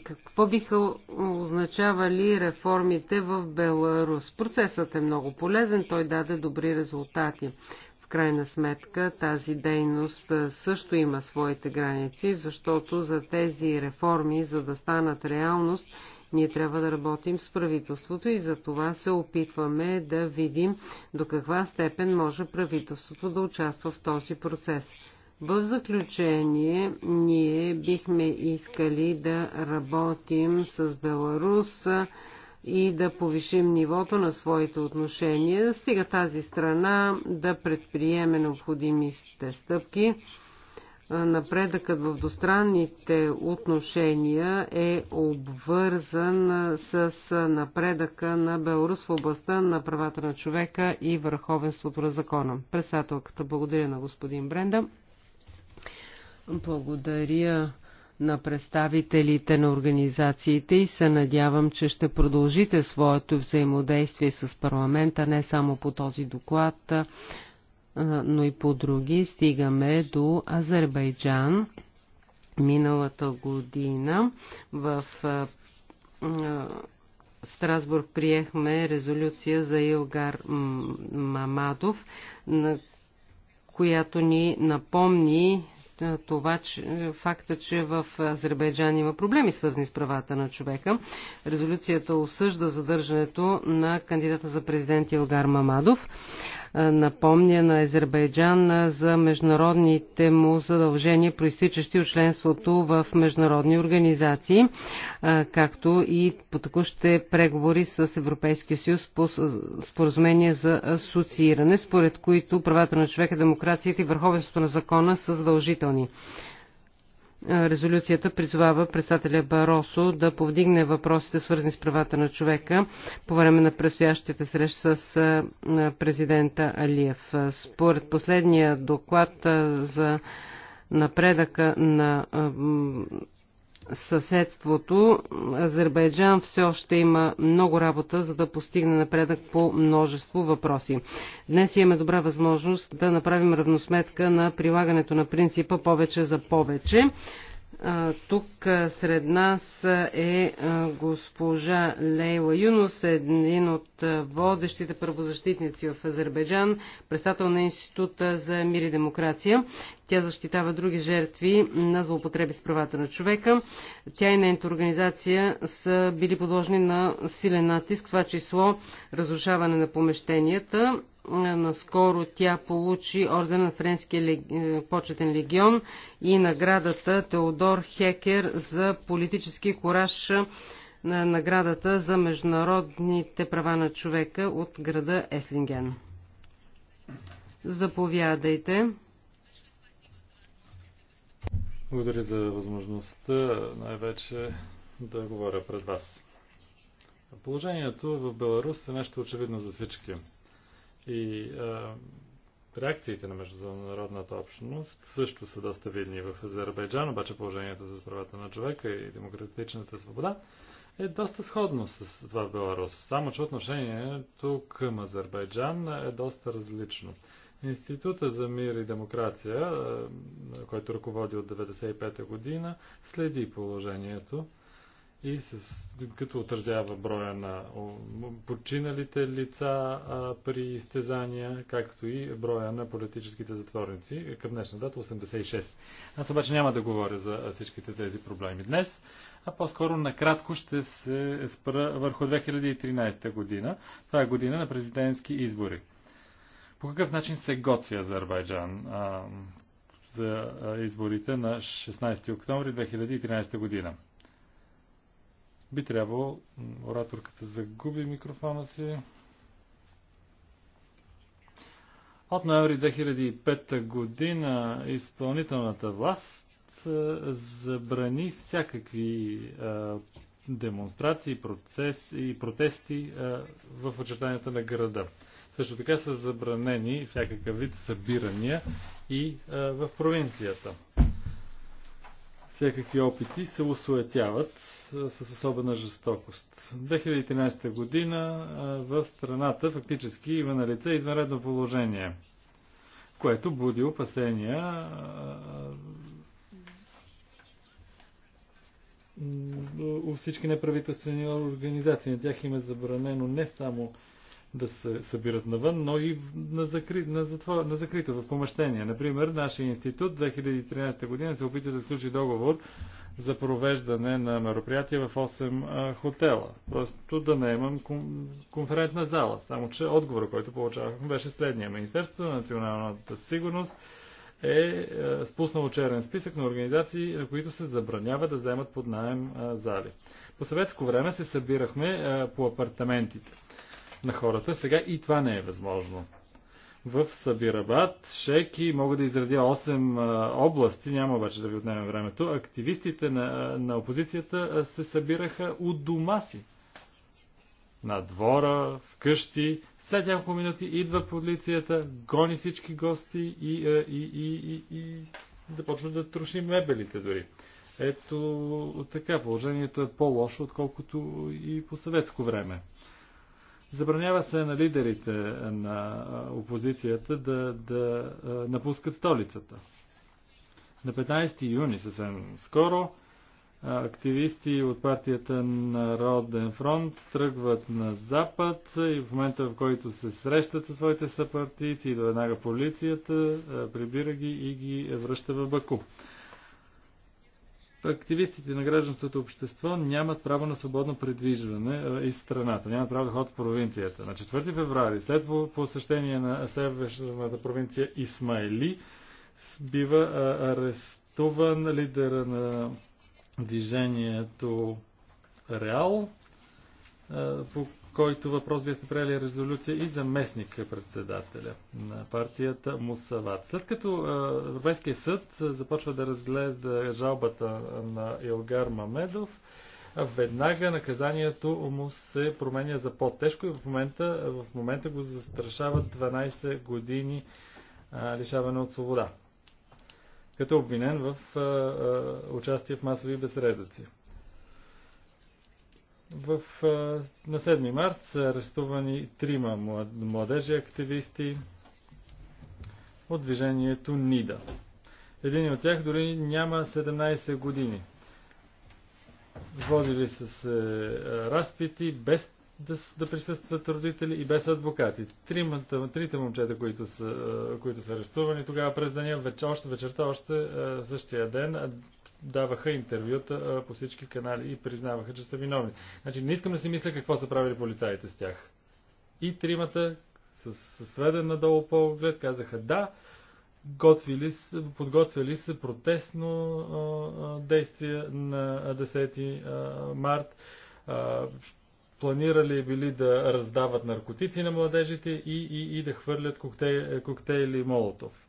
какво биха означавали реформите в Беларус? Процесът е много полезен, той даде добри резултати. В крайна сметка тази дейност също има своите граници, защото за тези реформи, за да станат реалност, ние трябва да работим с правителството и за това се опитваме да видим до каква степен може правителството да участва в този процес. В заключение, ние бихме искали да работим с Беларус и да повишим нивото на своите отношения, да стига тази страна да предприеме необходимите стъпки. Напредъкът в двустранните отношения е обвързан с напредъка на Беларус в областта на правата на човека и върховенството на закона. Председателката благодаря на господин Бренда. Благодаря на представителите на организациите и се надявам, че ще продължите своето взаимодействие с парламента не само по този доклад, но и по други. Стигаме до Азербайджан. Миналата година в Страсбург приехме резолюция за Илгар Мамадов, на която ни напомни това, че, факта, че в Азербайджан има проблеми свързани с правата на човека. Резолюцията осъжда задържането на кандидата за президент Илгар Мамадов. Е, напомня на Азербайджан е, за международните му задължения, проистичащи от членството в международни организации, е, както и по текущите преговори с Европейския съюз по споразумение за асоцииране, според които правата на човека, демокрацията и върховенството на закона са задължителни резолюцията призовава председателя Баросо да повдигне въпросите свързани с правата на човека по време на предстоящите срещи с президента Алиев. Според последния доклад за напредъка на съседството, Азербайджан все още има много работа, за да постигне напредък по множество въпроси. Днес имаме добра възможност да направим равносметка на прилагането на принципа повече за повече. Тук сред нас е госпожа Лейла Юнос, един от водещите правозащитници в Азербайджан, представител на Института за мир и демокрация. Тя защитава други жертви на злоупотреби с правата на човека. Тя и нейната организация са били подложени на силен натиск, това число разрушаване на помещенията Наскоро тя получи орден на Френския е, почетен легион и наградата Теодор Хекер за политически кораж е, на наградата за международните права на човека от града Еслинген. Заповядайте. Благодаря за възможността най-вече да говоря пред вас. Положението в Беларус е нещо очевидно за всички. И а, реакциите на международната общност също са доста видни в Азербайджан, обаче положението за правата на човека и демократичната свобода е доста сходно с това в Беларус. Само, че отношението към Азербайджан е доста различно. Института за мир и демокрация, който ръководи от 1995 година, следи положението и с, като отразява броя на починалите лица а, при изтезания, както и броя на политическите затворници. Към днешна дата 86. Аз обаче няма да говоря за всичките тези проблеми днес, а по-скоро накратко ще се спра върху 2013 година. Това е година на президентски избори. По какъв начин се готви Азербайджан? А, за изборите на 16 октомври 2013 година. Би трябвало ораторката загуби микрофона си. От ноември 2005 година изпълнителната власт забрани всякакви а, демонстрации процес, и протести а, в очертанията на града. Също така са забранени всякакъв вид събирания и а, в провинцията. Всякакви опити се осуетяват с особена жестокост. 2013 година в страната фактически има на лице извънредно положение, което буди опасения у всички неправителствени организации. На тях им е забранено не само да се събират навън, но и на, закри... на, затвор... на закрито в помещение. Например, нашия институт 2013 година се опита да сключи договор за провеждане на мероприятия в 8 хотела. Просто да не имам конферентна зала. Само, че отговора, който получавахме, беше следния. Министерството на националната сигурност е, е спуснало черен списък на организации, на които се забранява да вземат под найем зали. По съветско време се събирахме по апартаментите на хората. Сега и това не е възможно в Сабирабад, Шеки, мога да изредя 8 области, няма обаче да ви отнеме времето. Активистите на, на опозицията се събираха от дома си. На двора, вкъщи. След няколко минути идва полицията, гони всички гости и, и, и, и, и започва да троши мебелите дори. Ето така, положението е по-лошо, отколкото и по съветско време. Забранява се на лидерите на опозицията да, да напускат столицата. На 15 юни съвсем скоро активисти от партията Народен фронт тръгват на запад и в момента в който се срещат със своите съпартийци, веднага полицията, прибира ги и ги връща в Баку активистите на гражданството общество нямат право на свободно предвижване из страната, нямат право да ходят в провинцията. На 4 феврари, след посещение на северната провинция Исмайли, бива арестуван лидера на движението Реал, по който въпрос вие сте приели резолюция и заместник председателя на партията Мусават. След като Европейския съд започва да разглежда жалбата на Елгар Мамедов, веднага наказанието му се променя за по-тежко и в момента, в момента го застрашават 12 години лишаване от свобода като обвинен в а, а, участие в масови безредоци. В, на 7 март са арестувани трима младежи активисти от движението НИДА. Един от тях дори няма 17 години. Водили са се разпити без да, да присъстват родители и без адвокати. Тримата, трите момчета, които са, които са арестувани тогава през деня, вече, още вечерта, още същия ден, даваха интервюта по всички канали и признаваха, че са виновни. Значи не искам да си мисля какво са правили полицаите с тях. И тримата, с, с сведен надолу поглед, казаха да, готвили, подготвили се протестно а, действие на 10 март. А, планирали били да раздават наркотици на младежите и, и, и да хвърлят коктейли, коктейли Молотов.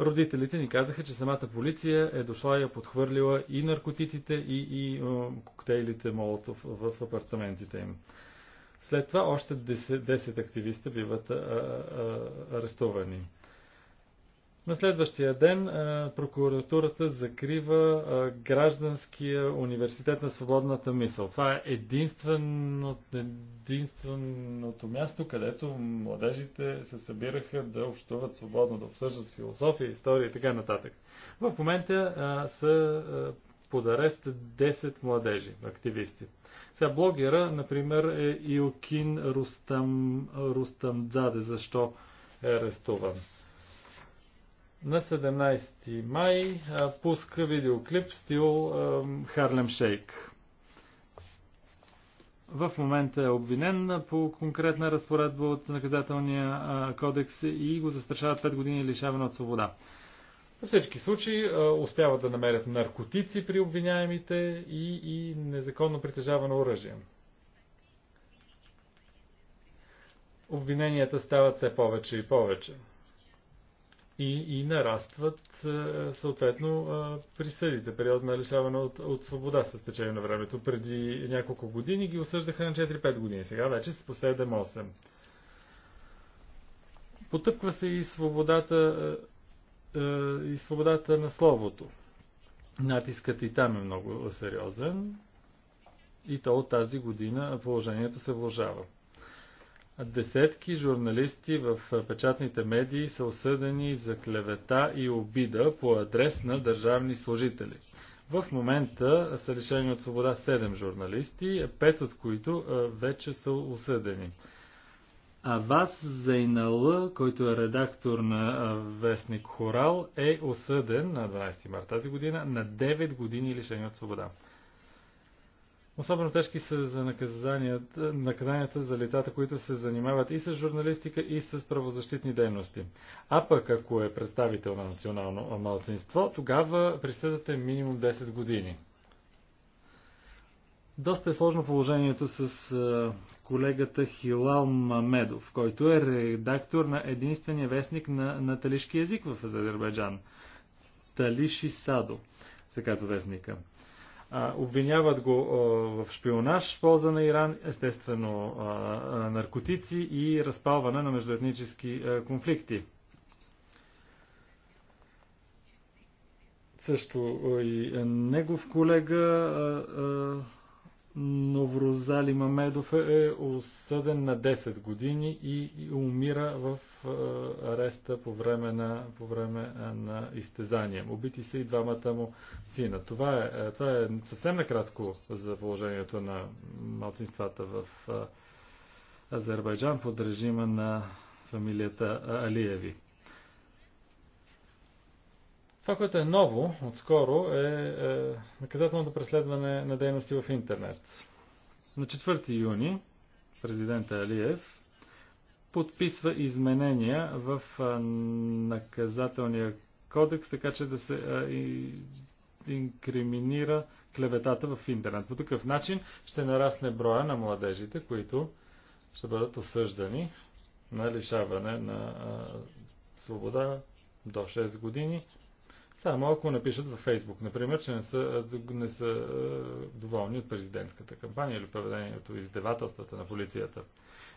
Родителите ни казаха, че самата полиция е дошла и е подхвърлила и наркотиците, и, и коктейлите Молотов в апартаментите им. След това още 10, 10 активиста биват а, а, арестувани. На следващия ден прокуратурата закрива Гражданския университет на свободната мисъл. Това е единствено, единственото място, където младежите се събираха да общуват свободно, да обсъждат философия, история и така нататък. В момента са под арест 10 младежи, активисти. Сега блогера, например, е Илкин Рустам, Рустамдзаде. Защо е арестуван? на 17 май а, пуска видеоклип стил Харлем Шейк. В момента е обвинен по конкретна разпоредба от наказателния а, кодекс и го застрашават 5 години лишаване от свобода. В всички случаи а, успяват да намерят наркотици при обвиняемите и, и незаконно притежавано оръжие. Обвиненията стават все повече и повече и, и нарастват е, съответно е, присъдите, период на лишаване от, от свобода с течение на времето. Преди няколко години ги осъждаха на 4-5 години, сега вече са по 7-8. Потъпква се и свободата, е, и свободата на словото. Натискът и там е много сериозен и то от тази година положението се вложава. Десетки журналисти в печатните медии са осъдени за клевета и обида по адрес на държавни служители. В момента са лишени от свобода 7 журналисти, 5 от които вече са осъдени. А вас Зайнала, който е редактор на вестник Хорал, е осъден на 12 марта тази година на 9 години лишени от свобода. Особено тежки са за наказанията, наказанията за лицата, които се занимават и с журналистика, и с правозащитни дейности. А пък, ако е представител на национално малцинство, тогава присъдата е минимум 10 години. Доста е сложно положението с колегата Хилал Мамедов, който е редактор на единствения вестник на, на талишки язик в Азербайджан. Талиши Садо, се казва вестника. А, обвиняват го а, в шпионаж в полза на Иран, естествено а, а, наркотици и разпалване на междуетнически а, конфликти. Също и негов колега а, а, Новрозали Мамедов е, е осъден на 10 години и умира в е, ареста по време на, по време на изтезание. Убити са и двамата му сина. Това е, е, това е съвсем накратко за положението на малцинствата в Азербайджан под режима на фамилията Алиеви. Това, което е ново отскоро е, е наказателното преследване на дейности в интернет. На 4 юни президента Алиев подписва изменения в наказателния кодекс, така че да се а, и, инкриминира клеветата в интернет. По такъв начин ще нарасне броя на младежите, които ще бъдат осъждани на лишаване на а, свобода до 6 години само ако напишат във Фейсбук, например, че не са, не са доволни от президентската кампания или поведението издевателствата на полицията.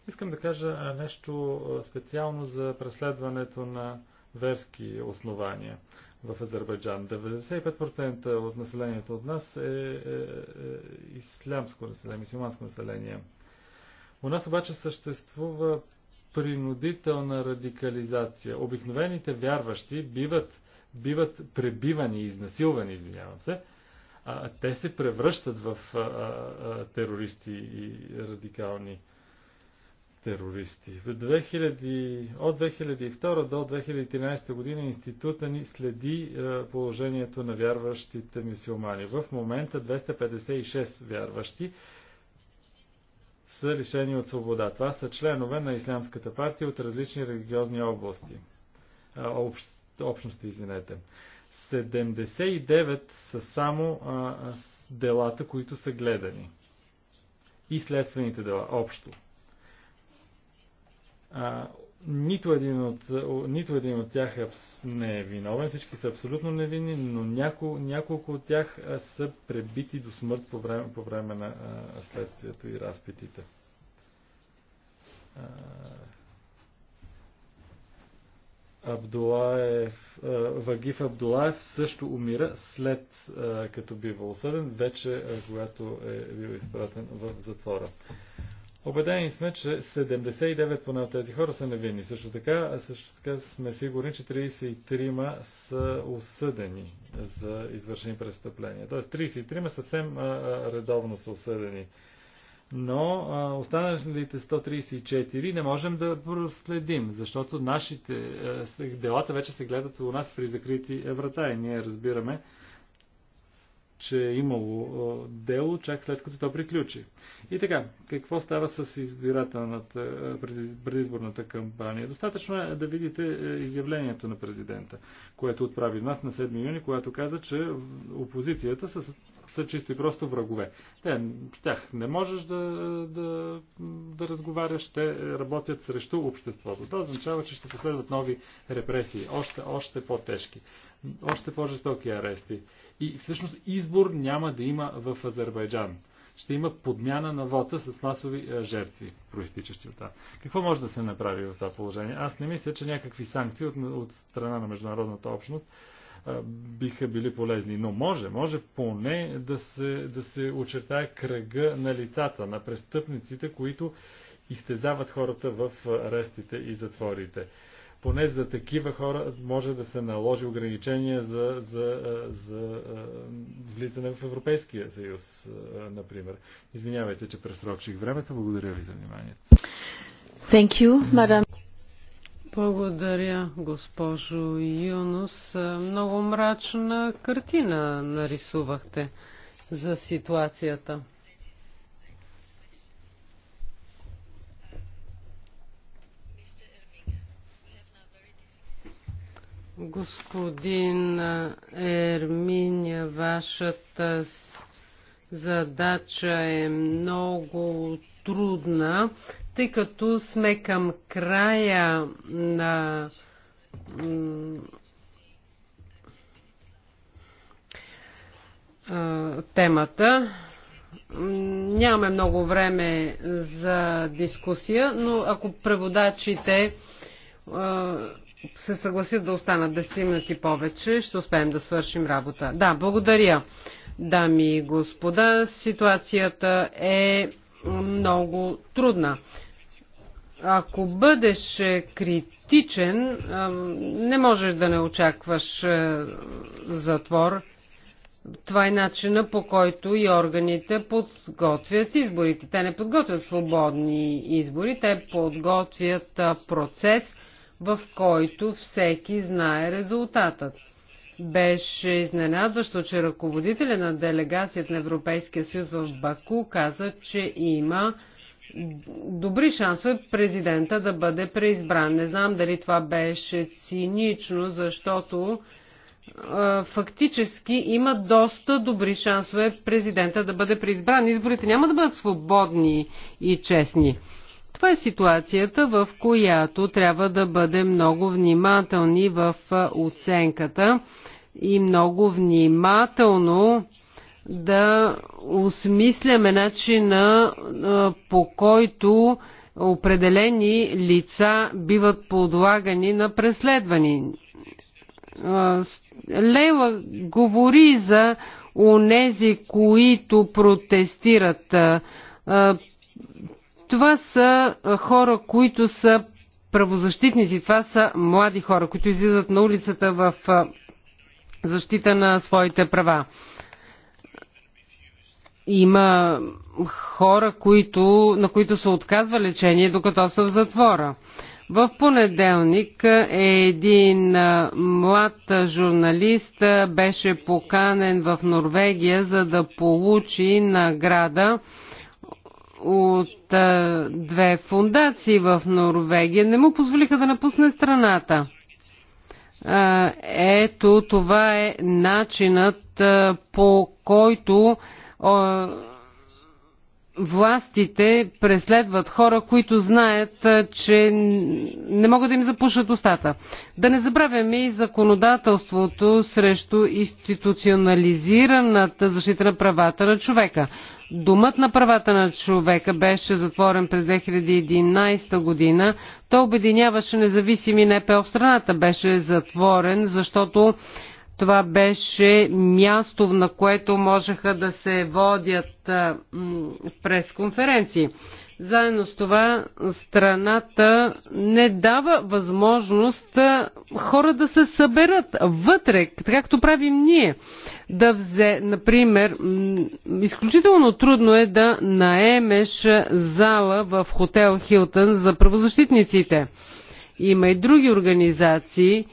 Искам да кажа нещо специално за преследването на верски основания в Азербайджан. 95% от населението от нас е, е, е ислямско население, мусулманско население. У нас обаче съществува принудителна радикализация. Обикновените вярващи биват биват пребивани, и изнасилвани, извинявам се, а, те се превръщат в а, а, терористи и радикални терористи. В 2000, от 2002 до 2013 година института ни следи а, положението на вярващите мюсюлмани. В момента 256 вярващи са лишени от свобода. Това са членове на Ислямската партия от различни религиозни области, а, общ, общности, извинете. 79 са само а, с делата, които са гледани. И следствените дела, общо. А, нито един от, нито един от тях е, не е виновен, всички са абсолютно невинни, но няко, няколко от тях са пребити до смърт по време, по време на а, следствието и разпитите. А, Абдулаев, Вагиф Абдулаев също умира след като бива осъден, вече когато е бил изпратен в затвора. Обедени сме, че 79 поне от тези хора са невинни. Също така, също така сме сигурни, че 33 са осъдени за извършени престъпления. Тоест 33 съвсем редовно са осъдени но а, останалите 134 не можем да проследим, защото нашите а, делата вече се гледат у нас при закрити е, врата и ние разбираме, че е имало дело чак след като то приключи. И така, какво става с избирателната, предизборната кампания? Достатъчно е да видите е, изявлението на президента, което отправи нас на 7 юни, когато каза, че опозицията с са чисто и просто врагове. Те, с тях не можеш да, да, да разговаряш, те работят срещу обществото. Това означава, че ще последват нови репресии, още, още по-тежки, още по-жестоки арести. И всъщност избор няма да има в Азербайджан ще има подмяна на вота с масови е, жертви, проистичащи от това. Какво може да се направи в това положение? Аз не мисля, че някакви санкции от, от страна на международната общност биха били полезни. Но може, може поне да се, да се очертае кръга на лицата, на престъпниците, които изтезават хората в арестите и затворите. Поне за такива хора може да се наложи ограничение за, за, за влизане в Европейския съюз, например. Извинявайте, че пресрочих времето. Благодаря ви за вниманието. Thank you, madam. Благодаря, госпожо Юнус. Много мрачна картина нарисувахте за ситуацията. Господин Ерминя, вашата задача е много трудна. Тъй като сме към края на темата. Нямаме много време за дискусия, но ако преводачите се съгласят да останат 10 минути повече, ще успеем да свършим работа. Да, благодаря, дами и господа. Ситуацията е много трудна ако бъдеш е, критичен, не можеш да не очакваш е, затвор. Това е начина по който и органите подготвят изборите. Те не подготвят свободни избори, те подготвят процес, в който всеки знае резултатът. Беше изненадващо, че ръководителя на делегацията на Европейския съюз в Баку каза, че има добри шансове президента да бъде преизбран. Не знам дали това беше цинично, защото фактически има доста добри шансове президента да бъде преизбран. Изборите няма да бъдат свободни и честни. Това е ситуацията, в която трябва да бъдем много внимателни в оценката и много внимателно да осмисляме начина по който определени лица биват подлагани на преследвани. Лейла говори за онези, които протестират. Това са хора, които са правозащитници, това са млади хора, които излизат на улицата в защита на своите права. Има хора, които, на които се отказва лечение, докато са в затвора. В понеделник е, един млад журналист беше поканен в Норвегия, за да получи награда от две фундации в Норвегия. Не му позволиха да напусне страната. ето, това е начинът по който властите преследват хора, които знаят, че не могат да им запушат устата. Да не забравяме и законодателството срещу институционализираната защита на правата на човека. Думът на правата на човека беше затворен през 2011 година. Той обединяваше независими НПО в страната. Беше затворен, защото това беше място, на което можеха да се водят пресконференции. Заедно с това страната не дава възможност хора да се съберат вътре, както правим ние. Да взе, например, изключително трудно е да наемеш зала в хотел Хилтън за правозащитниците. Има и други организации,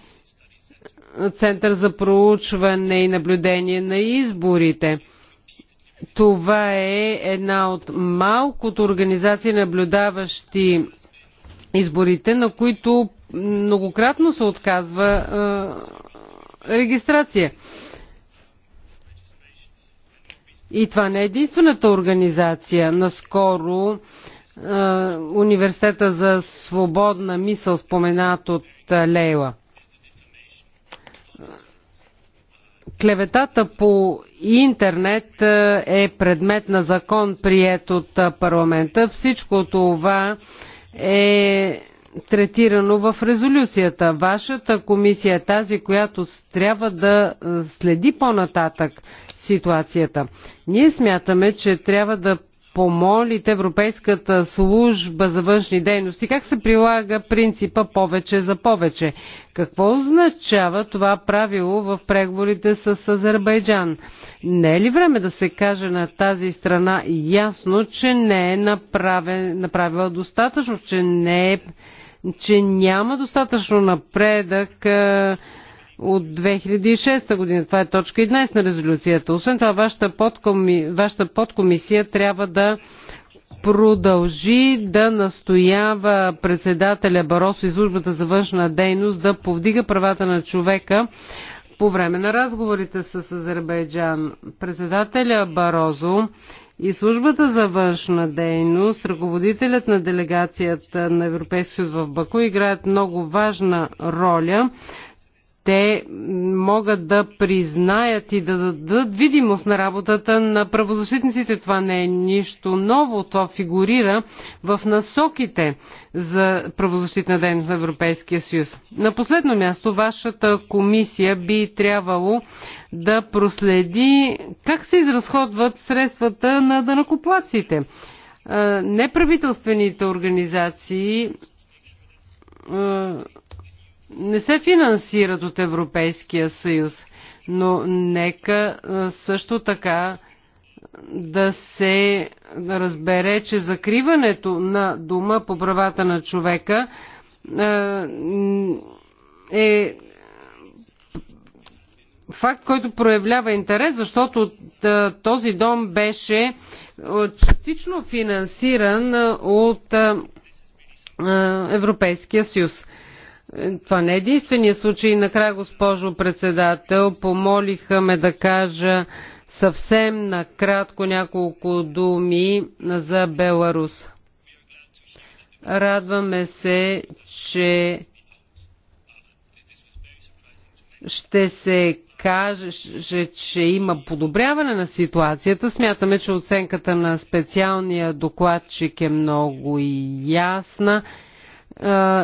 център за проучване и наблюдение на изборите. Това е една от малкото организации, наблюдаващи изборите, на които многократно се отказва а, регистрация. И това не е единствената организация. Наскоро а, Университета за свободна мисъл, споменат от Лейла. Клеветата по интернет е, е предмет на закон, прият от е, парламента. Всичко това е третирано в резолюцията. Вашата комисия е тази, която трябва да е, следи по-нататък ситуацията. Ние смятаме, че трябва да помолите Европейската служба за външни дейности как се прилага принципа повече за повече. Какво означава това правило в преговорите с Азербайджан? Не е ли време да се каже на тази страна ясно, че не е направен, направила достатъчно, че не е че няма достатъчно напредък е, от 2006 година. Това е точка 11 на резолюцията. Освен това, вашата, подкоми, вашата подкомисия трябва да продължи да настоява председателя Баросо и службата за външна дейност да повдига правата на човека по време на разговорите с Азербайджан. Председателя Барозо и службата за външна дейност, ръководителят на делегацията на Европейския съюз в Баку играят много важна роля те могат да признаят и да дадат видимост на работата на правозащитниците. Това не е нищо ново. Това фигурира в насоките за правозащитна дейност на Европейския съюз. На последно място, вашата комисия би трябвало да проследи как се изразходват средствата на данакоплаците. Неправителствените организации не се финансират от Европейския съюз, но нека също така да се разбере, че закриването на дума по правата на човека е факт, който проявлява интерес, защото този дом беше частично финансиран от Европейския съюз. Това не е единствения случай. Накрая, госпожо председател, помолиха ме да кажа съвсем накратко няколко думи за Беларус. Радваме се, че ще се каже, че има подобряване на ситуацията. Смятаме, че оценката на специалния докладчик е много ясна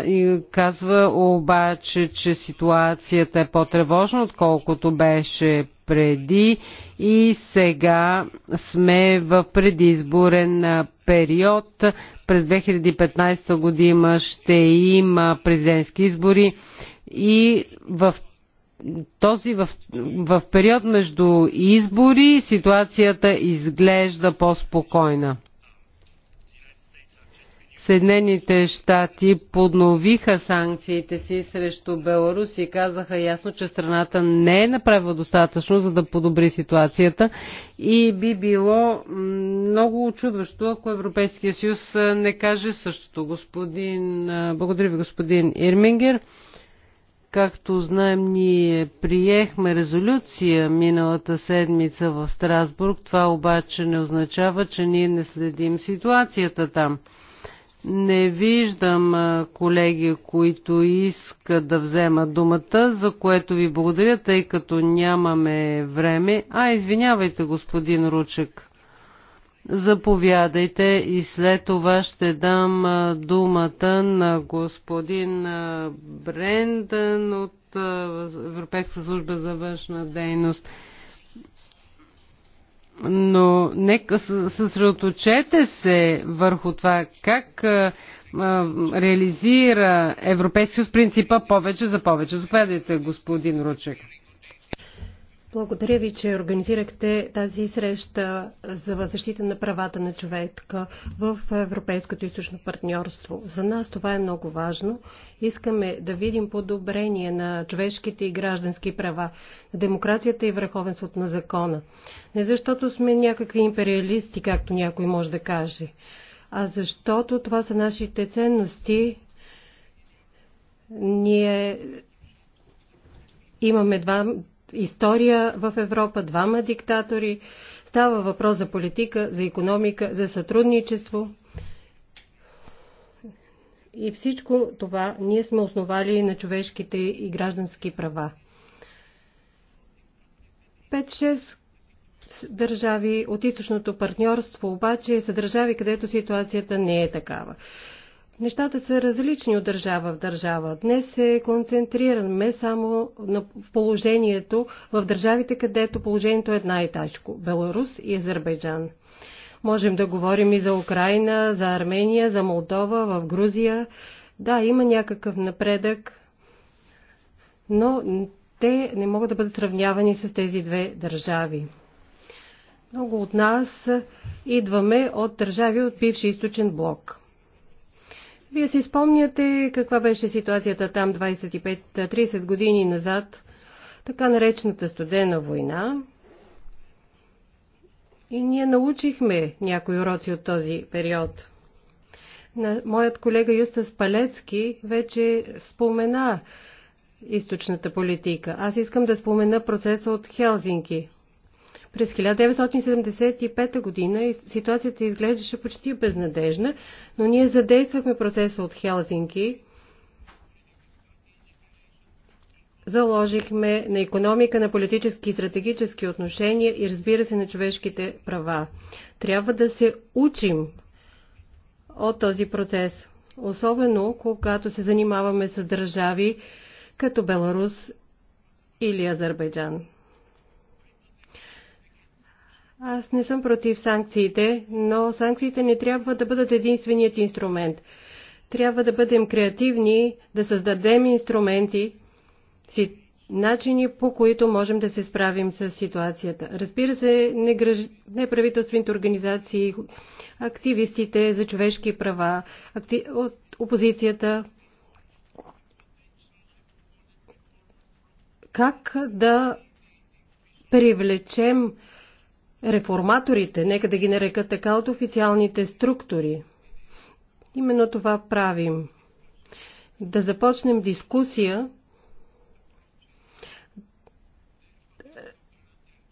и казва обаче, че ситуацията е по-тревожна, отколкото беше преди и сега сме в предизборен период. През 2015 година ще има президентски избори и в този в, в период между избори ситуацията изглежда по-спокойна. Съединените щати подновиха санкциите си срещу Беларус и казаха ясно, че страната не е направила достатъчно, за да подобри ситуацията и би било много очудващо, ако Европейския съюз не каже същото. Господин... Благодаря ви, господин Ирмингер. Както знаем, ние приехме резолюция миналата седмица в Страсбург. Това обаче не означава, че ние не следим ситуацията там. Не виждам колеги, които искат да вземат думата, за което ви благодаря, тъй като нямаме време. А, извинявайте, господин Ручек. Заповядайте и след това ще дам думата на господин Брендън от Европейска служба за външна дейност но нека съсредоточете се върху това как а, реализира Европейския принципа повече за повече. Заповядайте, господин Ручек. Благодаря ви, че организирахте тази среща за защита на правата на човека в Европейското източно партньорство. За нас това е много важно. Искаме да видим подобрение на човешките и граждански права, на демокрацията и върховенството на закона. Не защото сме някакви империалисти, както някой може да каже, а защото това са нашите ценности. Ние имаме два история в Европа, двама диктатори. Става въпрос за политика, за економика, за сътрудничество. И всичко това ние сме основали на човешките и граждански права. 5-6 държави от източното партньорство обаче са държави, където ситуацията не е такава. Нещата са различни от държава в държава. Днес се концентрираме само на положението в държавите, където положението е една и тачко – Беларус и Азербайджан. Можем да говорим и за Украина, за Армения, за Молдова, в Грузия. Да, има някакъв напредък, но те не могат да бъдат сравнявани с тези две държави. Много от нас идваме от държави от бивши източен блок – вие си спомняте каква беше ситуацията там 25-30 години назад, така наречената студена война. И ние научихме някои уроци от този период. Моят колега Юстас Палецки вече спомена източната политика. Аз искам да спомена процеса от Хелзинки. През 1975 година ситуацията изглеждаше почти безнадежна, но ние задействахме процеса от Хелзинки, заложихме на економика, на политически и стратегически отношения и разбира се на човешките права. Трябва да се учим от този процес, особено когато се занимаваме с държави като Беларус или Азербайджан. Аз не съм против санкциите, но санкциите не трябва да бъдат единственият инструмент. Трябва да бъдем креативни, да създадем инструменти, си, начини по които можем да се справим с ситуацията. Разбира се, неправителствените организации, активистите за човешки права, акти, от опозицията, как да привлечем реформаторите, нека да ги нарекат така от официалните структури. Именно това правим. Да започнем дискусия.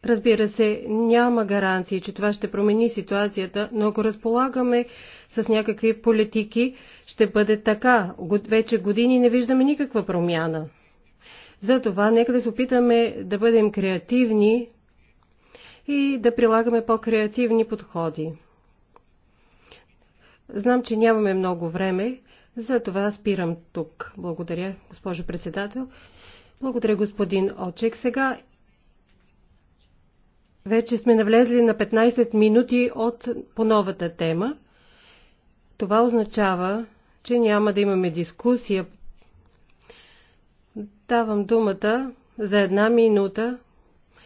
Разбира се, няма гаранции, че това ще промени ситуацията, но ако разполагаме с някакви политики, ще бъде така. Вече години не виждаме никаква промяна. Затова нека да се опитаме да бъдем креативни и да прилагаме по-креативни подходи. Знам, че нямаме много време, затова спирам тук. Благодаря, госпожо председател. Благодаря, господин Очек. Сега вече сме навлезли на 15 минути от по новата тема. Това означава, че няма да имаме дискусия. Давам думата за една минута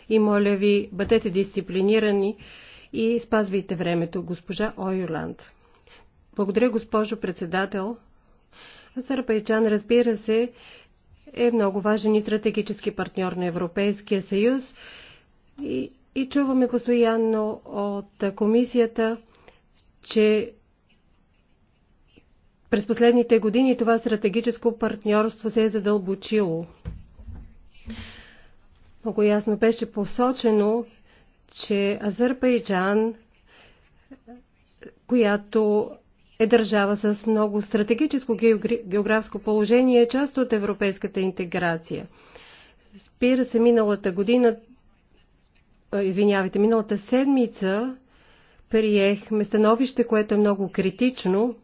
и моля ви, бъдете дисциплинирани и спазвайте времето, госпожа Ойоланд. Благодаря, госпожо председател. Азербайджан, разбира се, е много важен и стратегически партньор на Европейския съюз и, и чуваме постоянно от комисията, че през последните години това стратегическо партньорство се е задълбочило. Много ясно беше посочено, че Азербайджан, която е държава с много стратегическо географско положение, е част от европейската интеграция. Спира се миналата година, извинявайте, миналата седмица приехме становище, което е много критично,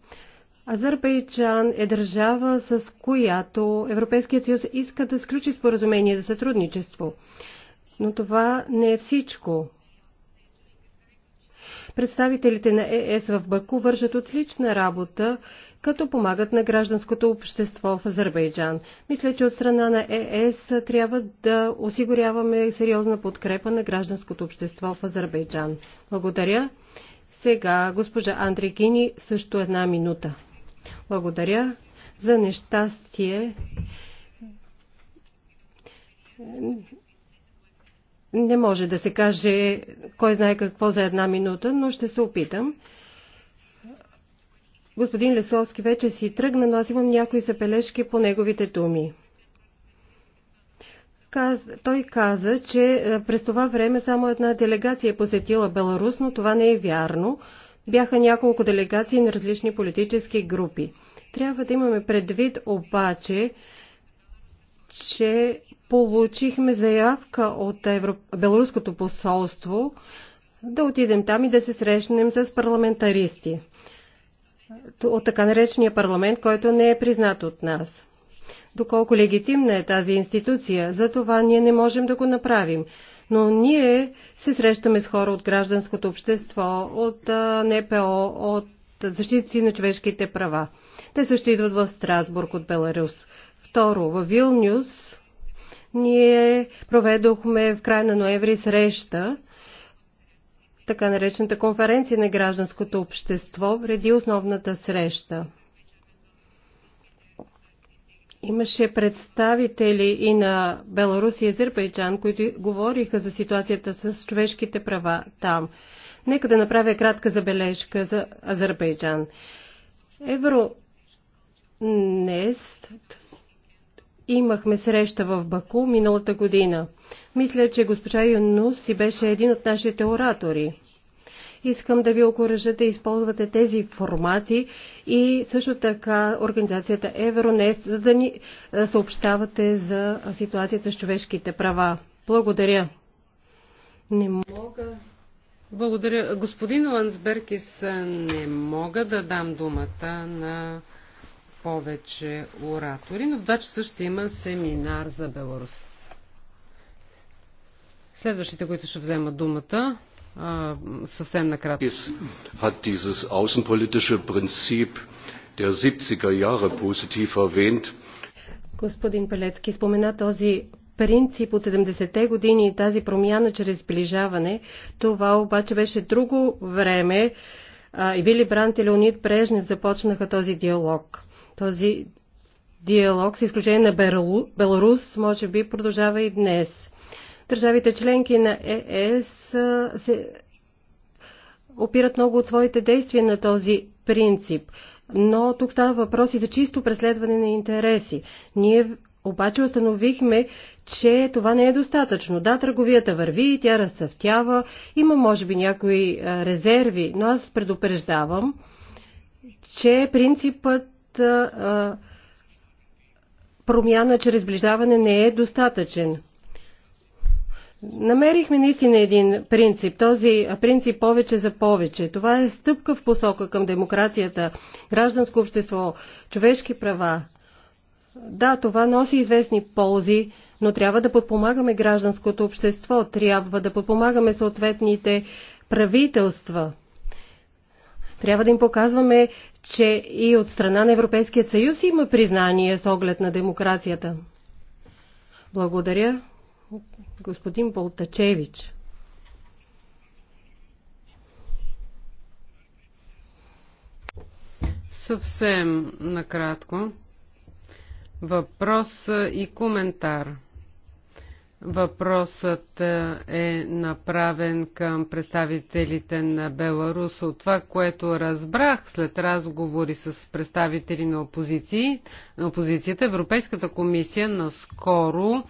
Азербайджан е държава, с която Европейският съюз иска да сключи споразумение за сътрудничество. Но това не е всичко. Представителите на ЕС в Баку вършат отлична работа, като помагат на гражданското общество в Азербайджан. Мисля, че от страна на ЕС трябва да осигуряваме сериозна подкрепа на гражданското общество в Азербайджан. Благодаря. Сега госпожа Андрей също една минута. Благодаря. За нещастие не може да се каже кой знае какво за една минута, но ще се опитам. Господин Лесовски вече си тръгна, но аз имам някои забележки по неговите думи. Той каза, че през това време само една делегация е посетила Беларус, но това не е вярно бяха няколко делегации на различни политически групи. Трябва да имаме предвид обаче, че получихме заявка от Евро... Белоруското посолство да отидем там и да се срещнем с парламентаристи от така наречения парламент, който не е признат от нас. Доколко легитимна е тази институция, за това ние не можем да го направим но ние се срещаме с хора от гражданското общество, от НПО, от защитници на човешките права. Те също идват в Страсбург от Беларус. Второ, в Вилнюс ние проведохме в края на ноември среща, така наречената конференция на гражданското общество, преди основната среща. Имаше представители и на Беларус и Азербайджан, които говориха за ситуацията с човешките права там. Нека да направя кратка забележка за Азербайджан. Евро днес имахме среща в Баку миналата година. Мисля, че госпожа Юнус си беше един от нашите оратори. Искам да ви окоръжа да използвате тези формати и също така организацията Евронест, за да ни съобщавате за ситуацията с човешките права. Благодаря. Не мога. Благодаря. Господин Лансберкис, не мога да дам думата на повече оратори, но в 2 часа ще има семинар за Беларус. Следващите, които ще вземат думата, съвсем накратко. Господин Пелецки спомена този принцип от 70-те години и тази промяна чрез сближаване. Това обаче беше друго време и Вили Брант и Леонид Прежнев започнаха този диалог. Този диалог, с изключение на Беларус, може би продължава и днес държавите членки на ЕС се опират много от своите действия на този принцип. Но тук става въпрос и за чисто преследване на интереси. Ние обаче установихме, че това не е достатъчно. Да, търговията върви, тя разцъфтява, има може би някои резерви, но аз предупреждавам, че принципът а, промяна чрез ближаване не е достатъчен. Намерихме наистина един принцип, този принцип повече за повече. Това е стъпка в посока към демокрацията, гражданско общество, човешки права. Да, това носи известни ползи, но трябва да подпомагаме гражданското общество, трябва да подпомагаме съответните правителства. Трябва да им показваме, че и от страна на Европейския съюз има признание с оглед на демокрацията. Благодаря господин Болтачевич. Съвсем накратко. Въпрос и коментар. Въпросът е, е направен към представителите на Беларус. От това, което разбрах след разговори с представители на, опозиции, на опозицията, Европейската комисия наскоро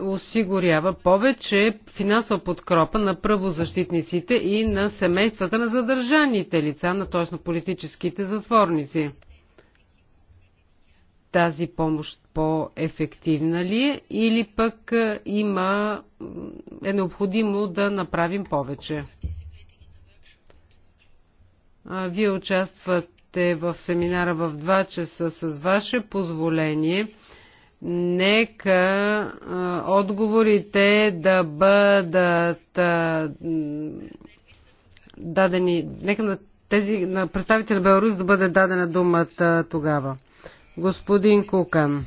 осигурява повече финансова подкропа на правозащитниците и на семействата на задържаните лица, на т.е. на политическите затворници. Тази помощ по-ефективна ли е или пък е, има, е необходимо да направим повече? Вие участвате в семинара в 2 часа с ваше позволение. Нека а, отговорите да бъдат а, дадени. Нека на тези на представители на Беларус да бъде дадена думата тогава. Господин Кукан.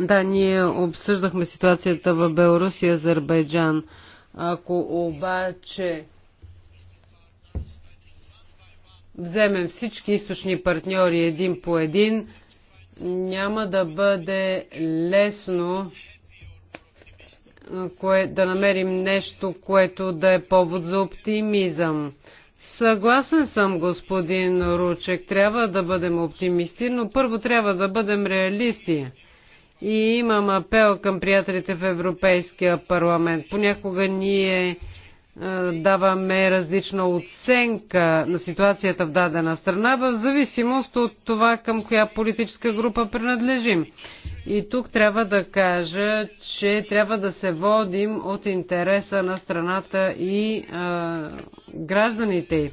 Да, ние обсъждахме ситуацията в Беларус и Азербайджан. Ако обаче вземем всички източни партньори един по един, няма да бъде лесно кое, да намерим нещо, което да е повод за оптимизъм. Съгласен съм, господин Ручек, трябва да бъдем оптимисти, но първо трябва да бъдем реалисти. И имам апел към приятелите в Европейския парламент. Понякога ние е, даваме различна оценка на ситуацията в дадена страна, в зависимост от това към коя политическа група принадлежим. И тук трябва да кажа, че трябва да се водим от интереса на страната и а, е, гражданите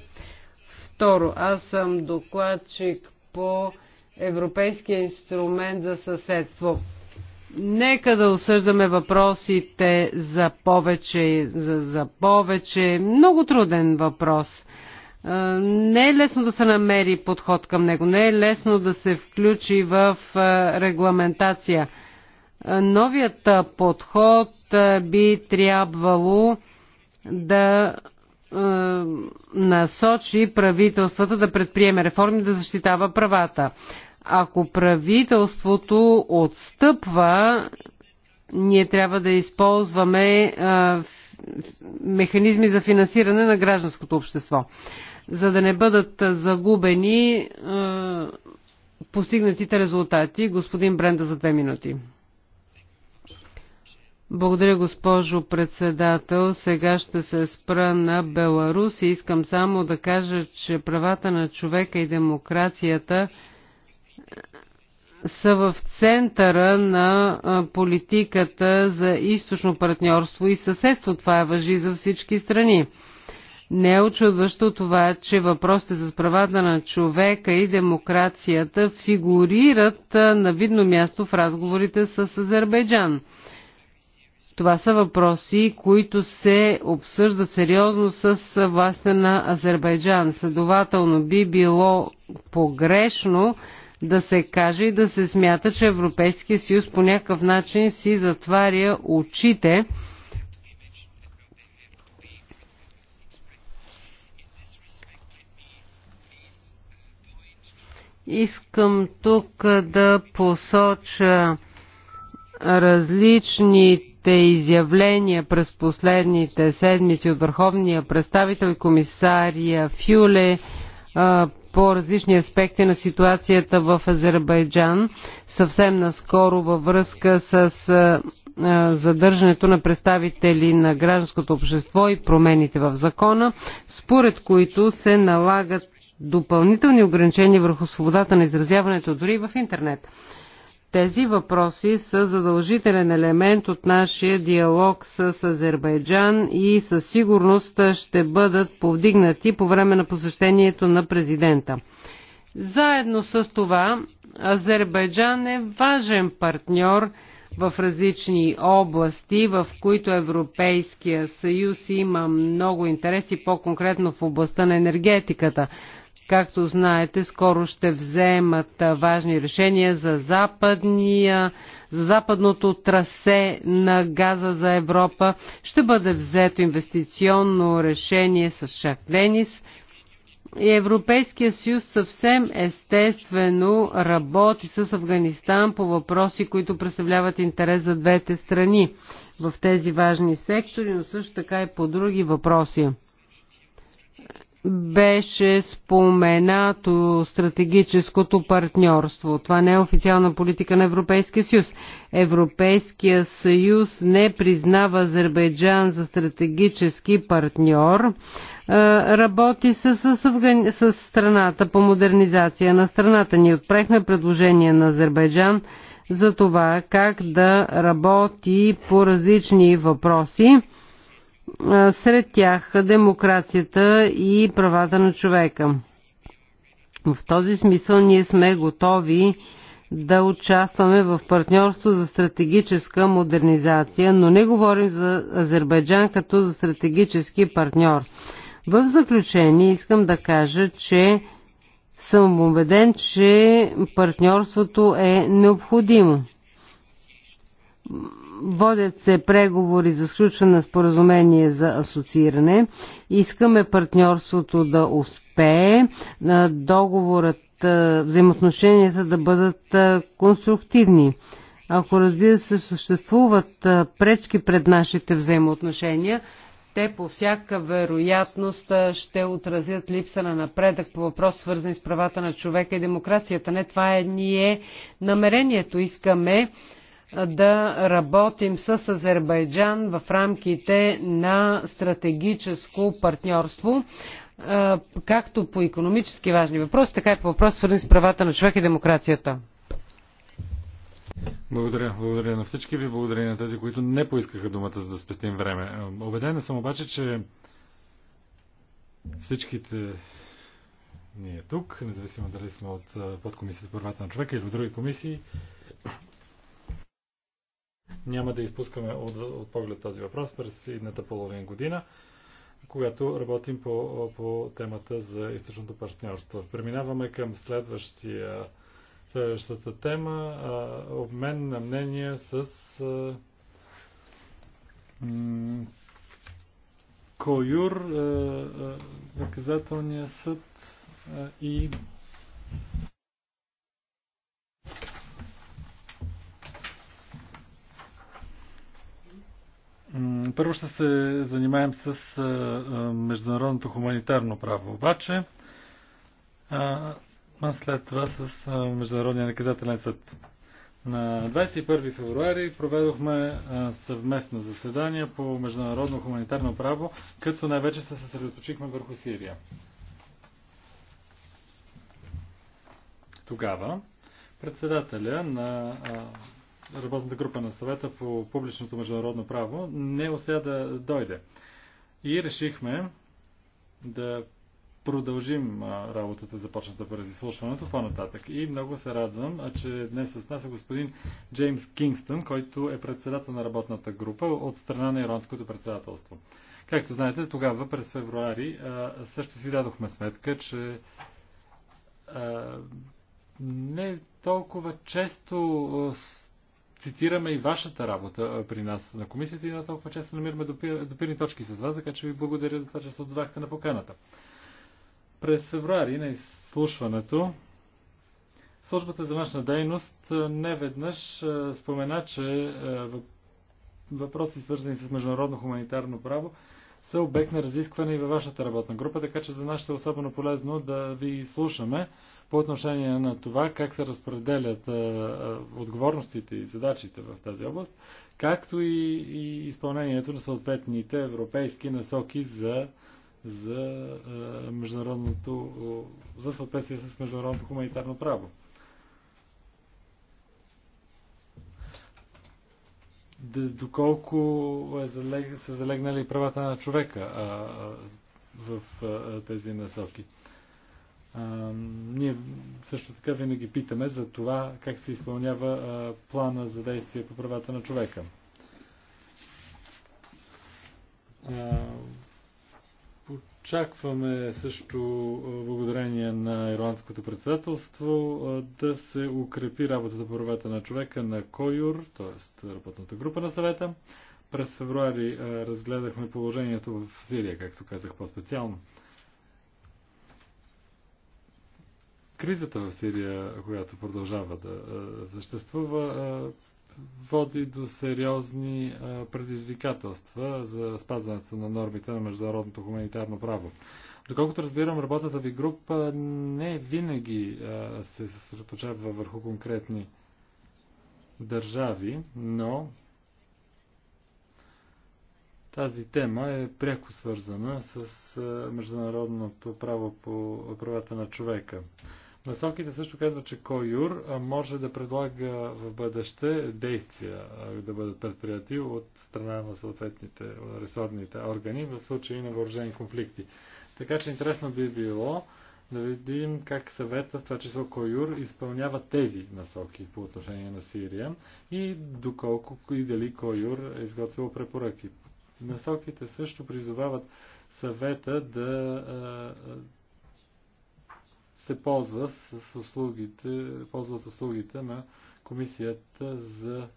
Второ, аз съм докладчик по Европейския инструмент за съседство. Нека да осъждаме въпросите за повече, за, за повече. Много труден въпрос. Не е лесно да се намери подход към него, не е лесно да се включи в регламентация. Новият подход би трябвало да насочи правителствата да предприеме реформи да защитава правата. Ако правителството отстъпва, ние трябва да използваме механизми за финансиране на гражданското общество, за да не бъдат загубени постигнатите резултати. Господин Бренда за две минути. Благодаря, госпожо председател. Сега ще се спра на Беларус и искам само да кажа, че правата на човека и демокрацията – са в центъра на политиката за източно партньорство и съседство. Това е въжи за всички страни. Не е очудващо това, че въпросите за правата на човека и демокрацията фигурират на видно място в разговорите с Азербайджан. Това са въпроси, които се обсъждат сериозно с властта на Азербайджан. Следователно би било погрешно да се каже и да се смята, че Европейския съюз по някакъв начин си затваря очите Искам тук да посоча различните изявления през последните седмици от върховния представител и комисария Фюле по различни аспекти на ситуацията в Азербайджан съвсем наскоро във връзка с задържането на представители на гражданското общество и промените в закона, според които се налагат допълнителни ограничения върху свободата на изразяването дори и в интернет. Тези въпроси са задължителен елемент от нашия диалог с Азербайджан и със сигурност ще бъдат повдигнати по време на посещението на президента. Заедно с това, Азербайджан е важен партньор в различни области, в които Европейския съюз има много интереси, по-конкретно в областта на енергетиката. Както знаете, скоро ще вземат важни решения за, западния, за западното трасе на газа за Европа. Ще бъде взето инвестиционно решение с шеф Ленис. И Европейския съюз съвсем естествено работи с Афганистан по въпроси, които представляват интерес за двете страни в тези важни сектори, но също така и по други въпроси беше споменато стратегическото партньорство. Това не е официална политика на Европейския съюз. Европейския съюз не признава Азербайджан за стратегически партньор. Работи се с, Афгани... с страната по модернизация на страната. Ние отпрехме предложение на Азербайджан за това как да работи по различни въпроси сред тях демокрацията и правата на човека. В този смисъл ние сме готови да участваме в партньорство за стратегическа модернизация, но не говорим за Азербайджан като за стратегически партньор. В заключение искам да кажа, че съм убеден, че партньорството е необходимо Водят се преговори за сключване на споразумение за асоцииране. Искаме партньорството да успее, договорът, взаимоотношенията да бъдат конструктивни. Ако разбира се съществуват пречки пред нашите взаимоотношения, те по всяка вероятност ще отразят липса на напредък по въпрос, свързан с правата на човека и демокрацията. Не, това е ние намерението. Искаме да работим с Азербайджан в рамките на стратегическо партньорство, както по економически важни въпроси, така и по въпроси свързани с правата на човек и демокрацията. Благодаря. Благодаря на всички ви. Благодаря и на тези, които не поискаха думата, за да спестим време. Обедена съм обаче, че всичките ние тук, независимо дали сме от подкомисията по правата на човека или от други комисии, няма да изпускаме от, от поглед този въпрос през едната половин година, когато работим по, по темата за източното партньорство. Преминаваме към следващия, следващата тема а, обмен на мнение с. А, Коюр, наказателния съд и Първо ще се занимаем с международното хуманитарно право, обаче, а след това с Международния наказателен съд. На 21 февруари проведохме съвместно заседание по международно хуманитарно право, като най-вече се съсредоточихме върху Сирия. Тогава председателя на работната група на съвета по публичното международно право не успя да дойде. И решихме да продължим работата, започната през изслушването по-нататък. И много се радвам, че днес с нас е господин Джеймс Кингстън, който е председател на работната група от страна на Иронското председателство. Както знаете, тогава през февруари също си дадохме сметка, че не толкова често цитираме и вашата работа при нас на комисията и на толкова често намираме допирни точки с вас, така че ви благодаря за това, че се отзвахте на поканата. През февруари на изслушването Службата за външна дейност не веднъж спомена, че въпроси свързани с международно хуманитарно право са обект на разискване и във вашата работна група, така че за нас ще е особено полезно да ви слушаме по отношение на това как се разпределят а, а, отговорностите и задачите в тази област, както и, и изпълнението на съответните европейски насоки за, за, а, международното, за съответствие с международното хуманитарно право. доколко е залег, са залегнали правата на човека а, а, в а, тези насоки. А, ние също така винаги питаме за това как се изпълнява а, плана за действие по правата на човека. А, Очакваме също благодарение на ирландското председателство да се укрепи работата по правата на човека на КОЮР, т.е. работната група на съвета. През февруари разгледахме положението в Сирия, както казах по-специално. Кризата в Сирия, която продължава да съществува, води до сериозни предизвикателства за спазването на нормите на международното хуманитарно право. Доколкото разбирам, работата ви група не винаги се съсредоточава върху конкретни държави, но тази тема е пряко свързана с международното право по правата на човека. Насоките също казват, че Койур може да предлага в бъдеще действия да бъдат предприяти от страна на съответните ресорните органи в случай на въоръжени конфликти. Така че интересно би било да видим как съвета, в това число Койур, изпълнява тези насоки по отношение на Сирия и доколко и дали Койур е изготвил препоръки. Насоките също призовават съвета да се ползва с услугите, ползват услугите на Комисията за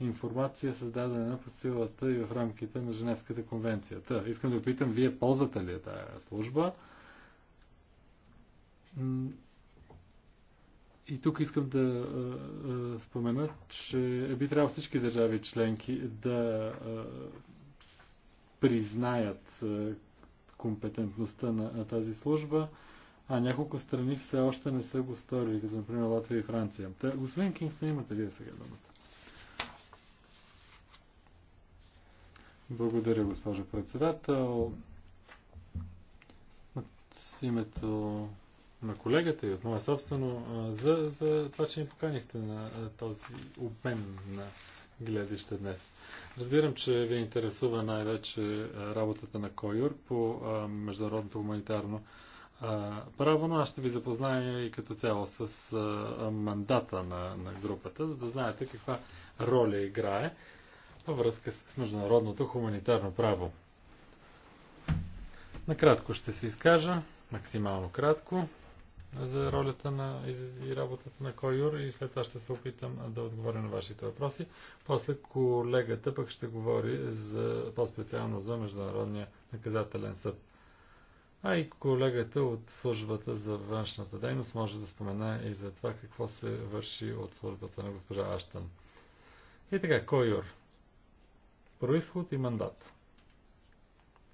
информация, създадена по силата и в рамките на Женевската конвенция. Та, искам да опитам, вие ползвате ли тази служба? И тук искам да а, а, спомена, че би трябвало всички държави членки да а, признаят а, компетентността на, на тази служба. А, а няколко страни все още не са го сторили, като например Латвия и Франция. Та, господин Кингстън, имате вие сега думата. Благодаря, госпожо председател. От името на колегата и от моя собствено за, за това, че ни поканихте на този обмен на гледище днес. Разбирам, че ви интересува най-вече работата на Койор по международното хуманитарно право, но аз ще ви запозная и като цяло с мандата на, на групата, за да знаете каква роля играе във връзка с международното хуманитарно право. Накратко ще се изкажа, максимално кратко, за ролята на, и работата на Койур и след това ще се опитам да отговоря на вашите въпроси. После колегата пък ще говори за, по-специално за Международния наказателен съд. А и колегата от службата за външната дейност може да спомена и за това какво се върши от службата на госпожа Аштън. И така, Койор. Происход и мандат.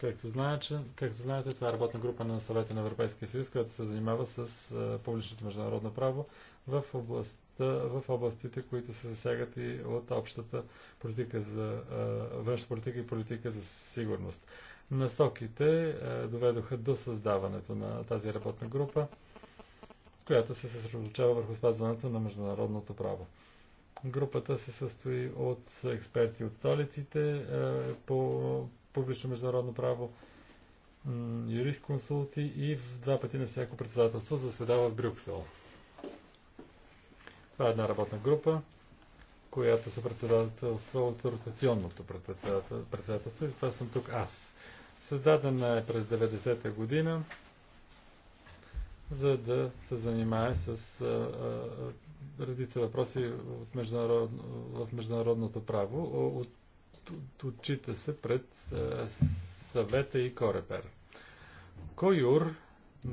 Както знаете, както знаете, това е работна група на съвета на Европейския съюз, която се занимава с публичното международно право в, областта, в областите, които се засягат и от общата политика за външна политика и политика за сигурност. Насоките е, доведоха до създаването на тази работна група, която се съсредоточава върху спазването на международното право. Групата се състои от експерти от столиците е, по публично международно право, юрисконсулти и в два пъти на всяко председателство заседава в Брюксел. Това е една работна група, която се председателства от ротационното председателство и затова съм тук аз. Създадена е през 90-та година, за да се занимае с а, а, редица въпроси от международно, в международното право. От, от, отчита се пред а, съвета и Корепер. Койур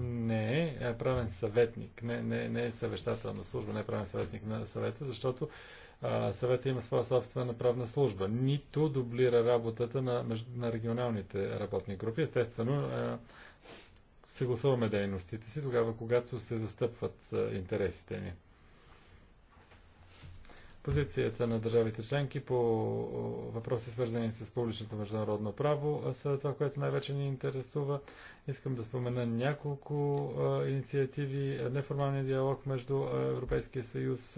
не е правен съветник, не, не, не е съвещателна служба, не е правен съветник на съвета, защото съвета има своя собствена правна служба, нито дублира работата на, на регионалните работни групи. Естествено, съгласуваме дейностите си тогава, когато се застъпват интересите ни. Позицията на държавите членки по въпроси свързани с публичното международно право са това, което най-вече ни интересува. Искам да спомена няколко инициативи. Неформалния диалог между Европейския съюз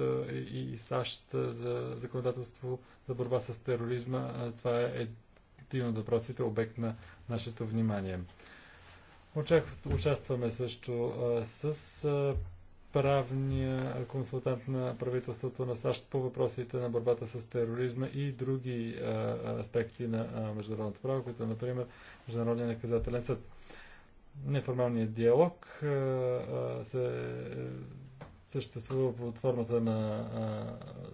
и, САЩ за законодателство за борба с тероризма. това е един от въпросите, обект на нашето внимание. участваме също с правния консултант на правителството на САЩ по въпросите на борбата с тероризма и други аспекти на международното право, които, например Международния наказателен съд. Неформалният диалог се съществува под формата на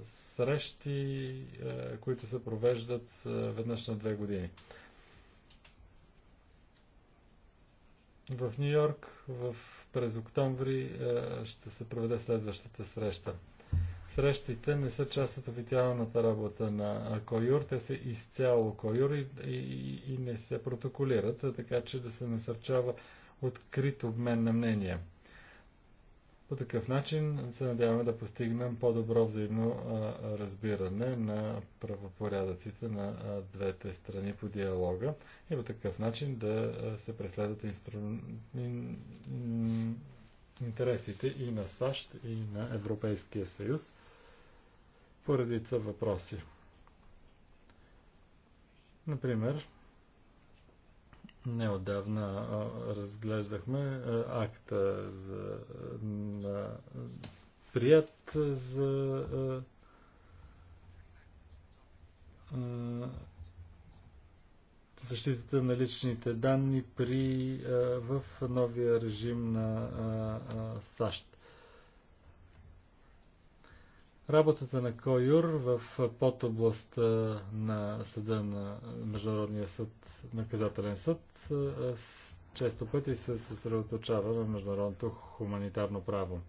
срещи, които се провеждат веднъж на две години. В Нью Йорк в, през октомври е, ще се проведе следващата среща. Срещите не са част от официалната работа на Койур, те са изцяло Койур и, и, и не се протоколират, така че да се насърчава открит обмен на мнения. По такъв начин се надяваме да постигнем по-добро взаимно разбиране на правопорядъците на двете страни по диалога и по такъв начин да се преследват инстру... интересите и на САЩ, и на Европейския съюз поредица въпроси. Например, Неодавна разглеждахме акта за, на прият за защитата на личните данни при, в новия режим на САЩ. Работата на Койур в подобластта на съда на Международния съд, наказателен съд, често пъти се съсредоточава на международното хуманитарно право.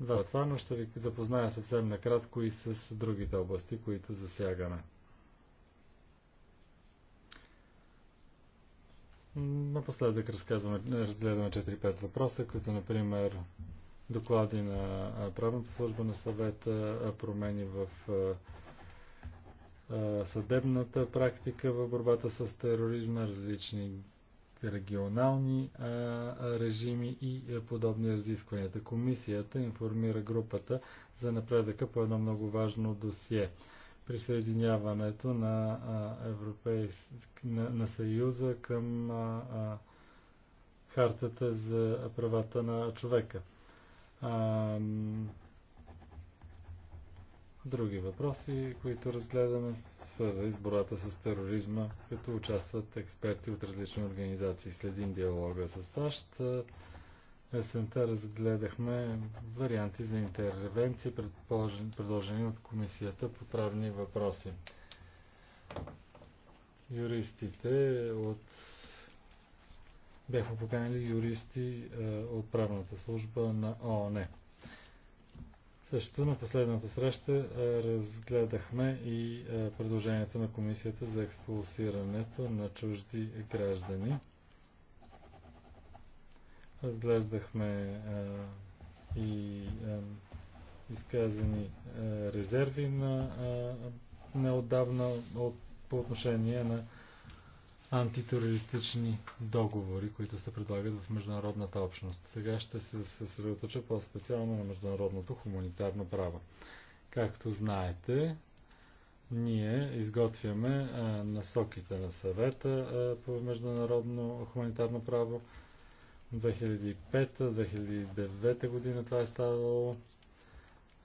Да, това, но ще ви запозная съвсем накратко и с другите области, които засягаме. Напоследък разказваме, разгледаме 4-5 въпроса, като например доклади на правната служба на съвета, промени в съдебната практика в борбата с тероризма, различни регионални а, режими и подобни разискванията. Комисията информира групата за напредъка по едно много важно досие присъединяването на, а, европейск, на, на Съюза към а, а, Хартата за правата на човека други въпроси, които разгледаме, свързани с бората с тероризма, като участват експерти от различни организации. Следим диалога с САЩ. Есента разгледахме варианти за интервенции, предложени от Комисията по правни въпроси. Юристите от бяхме поканили юристи е, от правната служба на ООН. Също на последната среща е, разгледахме и е, предложението на Комисията за експулсирането на чужди граждани. Разглеждахме и изказани резерви на неодавна от, по отношение на антитерористични договори, които се предлагат в международната общност. Сега ще се съсредоточа по-специално на международното хуманитарно право. Както знаете, ние изготвяме а, насоките на съвета а, по международно хуманитарно право. 2005-2009 година това е ставало.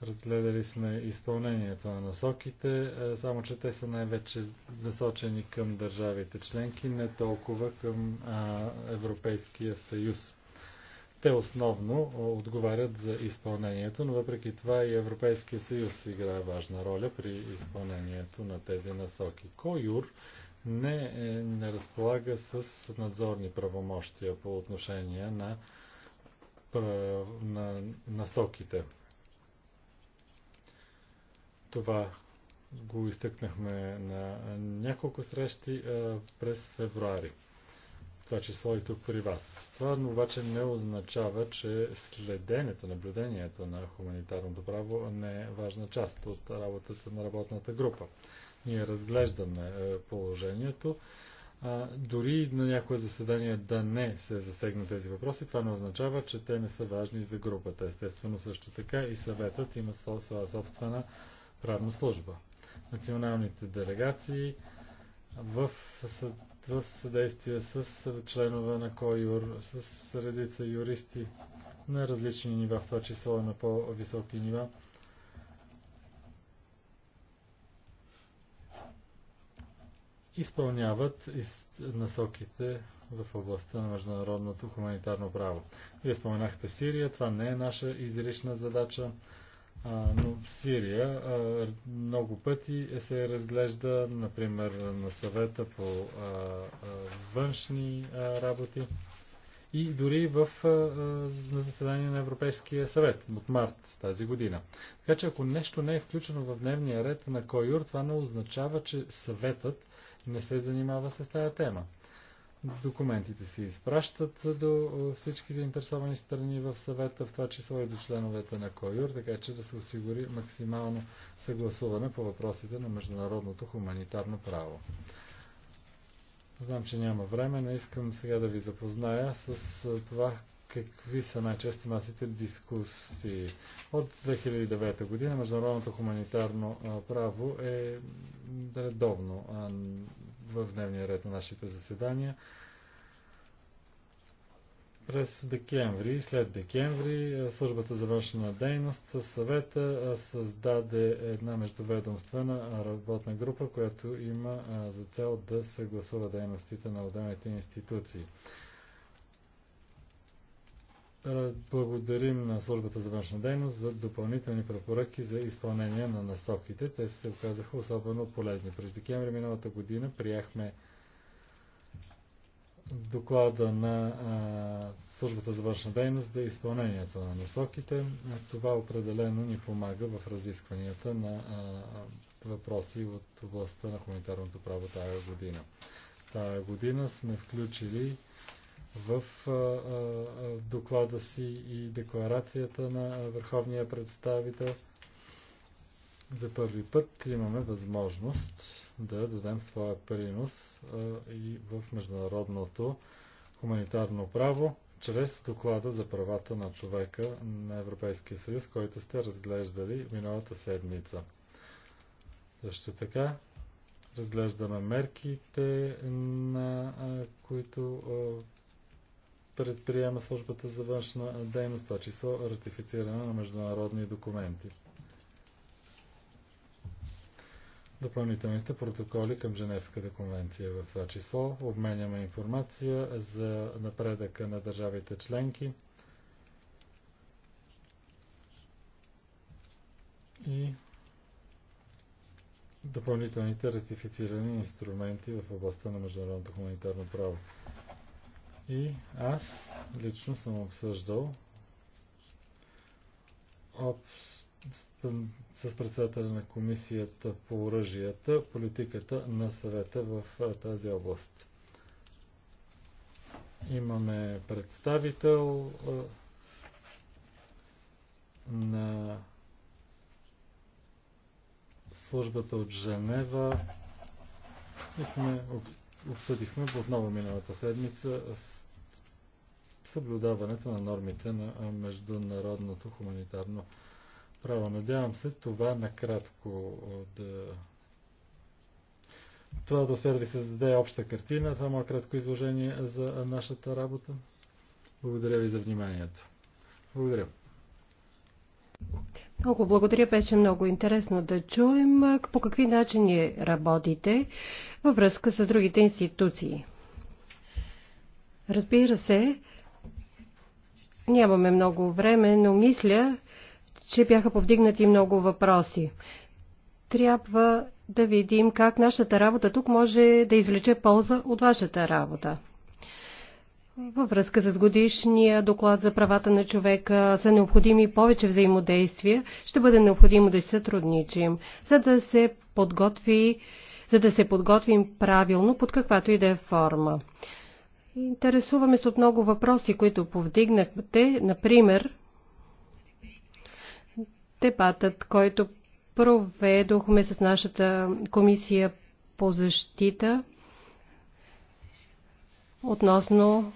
Разгледали сме изпълнението на насоките, е, само че те са най-вече насочени към държавите членки, не толкова към Европейския съюз. Те основно отговарят за изпълнението, но въпреки това и Европейския съюз играе важна роля при изпълнението на тези насоки. КОЮР не, е, не разполага с надзорни правомощия по отношение на, на насоките. Това го изтъкнахме на няколко срещи през февруари. Това число и тук при вас. Това обаче не означава, че следенето, наблюдението на хуманитарното право не е важна част от работата на работната група. Ние разглеждаме положението. А, дори на някое заседание да не се засегнат тези въпроси, това не означава, че те не са важни за групата. Естествено, също така и съветът има своя собствена правна служба. Националните делегации в, в съдействие с членове на КОЮР, с редица юристи на различни нива, в това число на по-високи нива, изпълняват насоките в областта на международното хуманитарно право. Вие споменахте Сирия, това не е наша изрична задача но в Сирия много пъти е се разглежда, например, на съвета по външни работи и дори в, на заседание на Европейския съвет от март тази година. Така че ако нещо не е включено в дневния ред на Койур, това не означава, че съветът не се занимава с тази тема. Документите се изпращат до всички заинтересовани страни в съвета, в това число и до членовете на КОЮР, така че да се осигури максимално съгласуване по въпросите на международното хуманитарно право. Знам, че няма време, но искам сега да ви запозная с това, какви са най-често масите дискусии. От 2009 година международното хуманитарно право е редовно в дневния ред на нашите заседания. През декември, след декември, е, службата за външна дейност със съвета е, създаде една междуведомствена работна група, която има е, за цел да съгласува дейностите на отделните институции. Е, благодарим на службата за външна дейност за допълнителни препоръки за изпълнение на насоките. Те се оказаха особено полезни. През декември миналата година приехме доклада на а, службата за външна дейност за изпълнението на насоките. Е, това определено ни помага в разискванията на а, въпроси от областта на хуманитарното право тази година. Тая година сме включили в доклада си и декларацията на върховния представител. За първи път имаме възможност да дадем своя принос и в международното хуманитарно право чрез доклада за правата на човека на Европейския съюз, който сте разглеждали миналата седмица. Също така разглеждаме мерките, на които предприема службата за външна дейност, това число ратифициране на международни документи. Допълнителните протоколи към Женевската конвенция в това число. Обменяме информация за напредъка на държавите членки и допълнителните ратифицирани инструменти в областта на международното хуманитарно право. И аз лично съм обсъждал об... с председателя на комисията по оръжията политиката на съвета в тази област. Имаме представител на службата от Женева и сме обсъдихме отново миналата седмица с съблюдаването на нормите на международното хуманитарно право. Надявам се това накратко да това да успя да ви създаде обща картина. Това е мое кратко изложение за нашата работа. Благодаря ви за вниманието. Благодаря. Много благодаря. Беше много интересно да чуем по какви начини работите във връзка с другите институции. Разбира се, нямаме много време, но мисля, че бяха повдигнати много въпроси. Трябва да видим как нашата работа тук може да извлече полза от вашата работа. Във връзка с годишния доклад за правата на човека са необходими повече взаимодействия. Ще бъде необходимо да се сътрудничим, за да се подготви за да се подготвим правилно под каквато и да е форма. Интересуваме се от много въпроси, които повдигнахте, например дебатът, който проведохме с нашата комисия по защита относно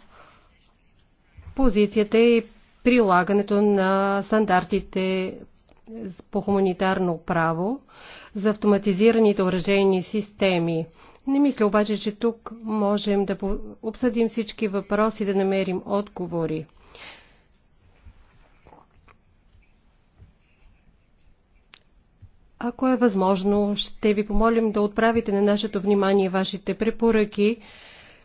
позицията и прилагането на стандартите по хуманитарно право за автоматизираните оръжейни системи. Не мисля обаче, че тук можем да обсъдим всички въпроси, да намерим отговори. Ако е възможно, ще ви помолим да отправите на нашето внимание вашите препоръки,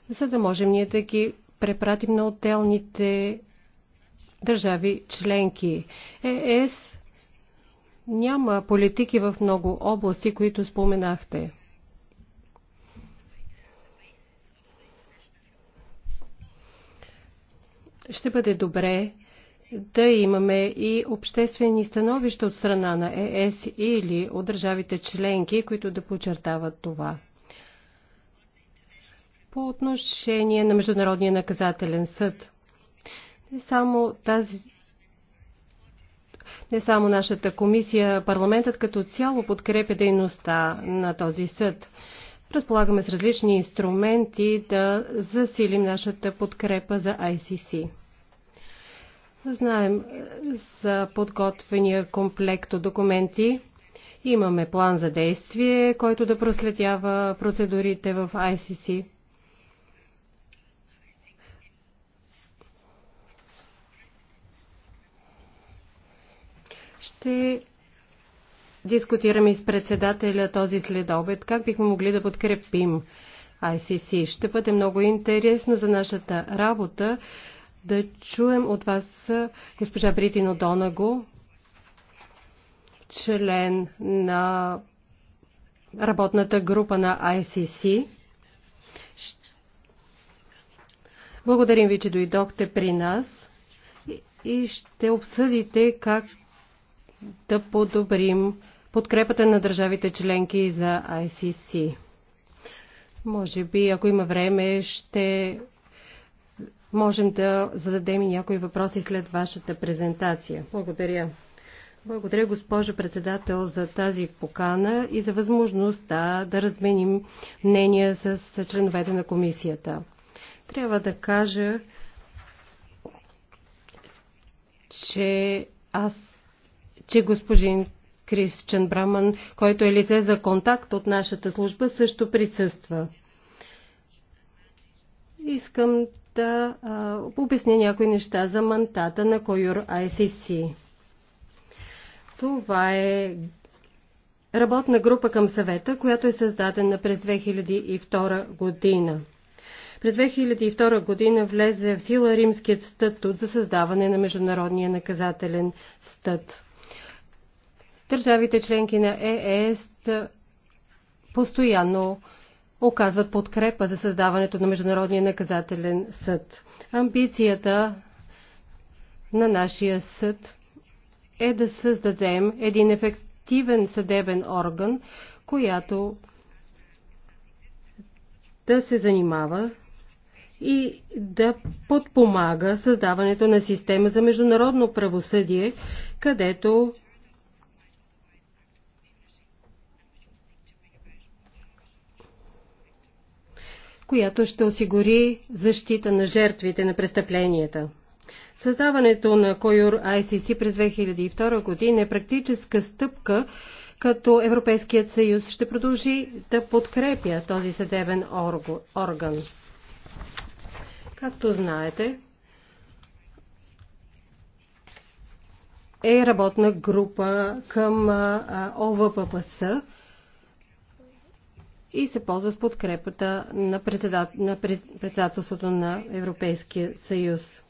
за да можем ние да ги препратим на отделните държави членки. Е, ЕС няма политики в много области, които споменахте. Ще бъде добре да имаме и обществени становища от страна на е ЕС или от държавите членки, които да подчертават това по отношение на Международния наказателен съд. Не само тази не само нашата комисия, парламентът като цяло подкрепя дейността на този съд. Разполагаме с различни инструменти да засилим нашата подкрепа за ICC. Знаем е, за подготвения комплект от документи. Имаме план за действие, който да проследява процедурите в ICC. Ще дискутираме с председателя този следобед как бихме могли да подкрепим ICC. Ще бъде много интересно за нашата работа да чуем от вас госпожа Бритино Донаго, член на работната група на ICC. Благодарим ви, че дойдохте при нас и ще обсъдите как да подобрим подкрепата на държавите членки за ICC. Може би, ако има време, ще можем да зададем и някои въпроси след вашата презентация. Благодаря. Благодаря, госпожо председател, за тази покана и за възможността да разменим мнения с членовете на комисията. Трябва да кажа, че аз че господин Крисчен Браман, който е лице за контакт от нашата служба, също присъства. Искам да а, обясня някои неща за мантата на Койор ICC. Това е работна група към съвета, която е създадена през 2002 година. През 2002 година влезе в сила римският статут за създаване на Международния наказателен статут. Държавите членки на ЕС постоянно оказват подкрепа за създаването на Международния наказателен съд. Амбицията на нашия съд е да създадем един ефективен съдебен орган, която да се занимава и да подпомага създаването на система за международно правосъдие, където която ще осигури защита на жертвите на престъпленията. Създаването на COIUR ICC през 2002 година е практическа стъпка, като Европейският съюз ще продължи да подкрепя този съдебен орган. Както знаете, е работна група към ОВППС, и се ползва с подкрепата на, председат, на председателството на Европейския съюз.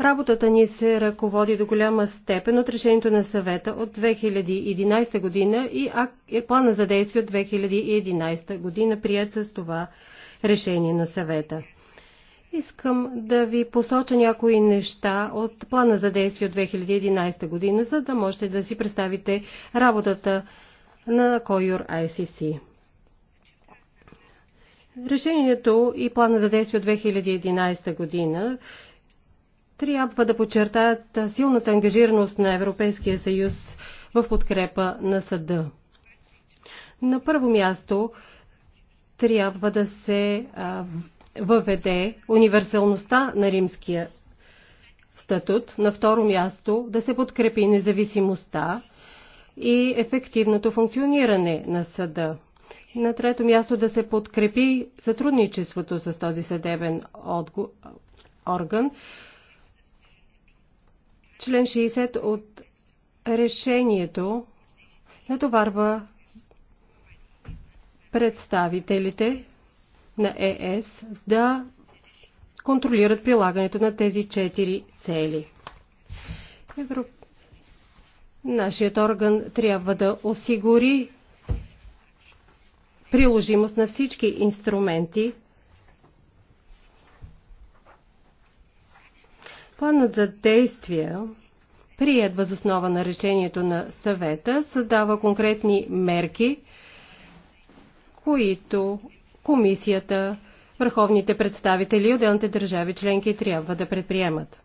Работата ни се ръководи до голяма степен от решението на съвета от 2011 година и е плана за действие от 2011 година, прият с това решение на съвета. Искам да ви посоча някои неща от плана за действие от 2011 година, за да можете да си представите работата на Койор ICC. Решението и плана за действие от 2011 година трябва да подчертаят силната ангажираност на Европейския съюз в подкрепа на съда. На първо място трябва да се въведе универсалността на римския статут. На второ място да се подкрепи независимостта и ефективното функциониране на съда. На трето място да се подкрепи сътрудничеството с този съдебен орган. Член 60 от решението натоварва представителите на ЕС да контролират прилагането на тези четири цели. Европ... Нашият орган трябва да осигури приложимост на всички инструменти. Планът за действия, прият възоснова на решението на съвета, създава конкретни мерки, които комисията, върховните представители и отделните държави членки трябва да предприемат.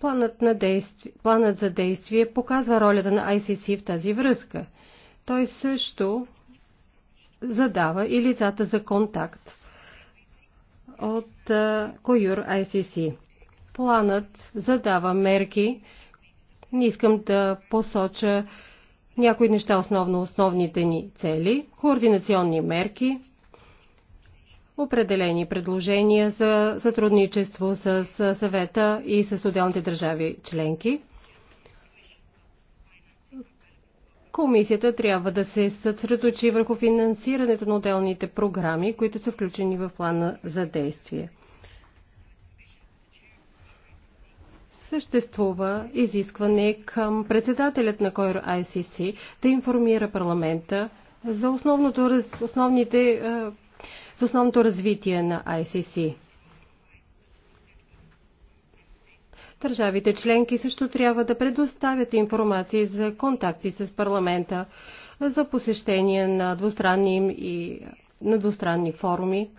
Планът, на действи... планът за действие показва ролята на ICC в тази връзка. Той също задава и лицата за контакт от uh, ICC. Планът задава мерки. Не искам да посоча някои неща, основно основните ни цели, координационни мерки, определени предложения за сътрудничество с съвета и с отделните държави членки. Комисията трябва да се съсредоточи върху финансирането на отделните програми, които са включени в плана за действие. Съществува изискване към председателят на Койро ICC да информира парламента за основното, основните е, за основното развитие на ICC. Държавите членки също трябва да предоставят информации за контакти с парламента, за посещение на двустранни, и, на двустранни форуми.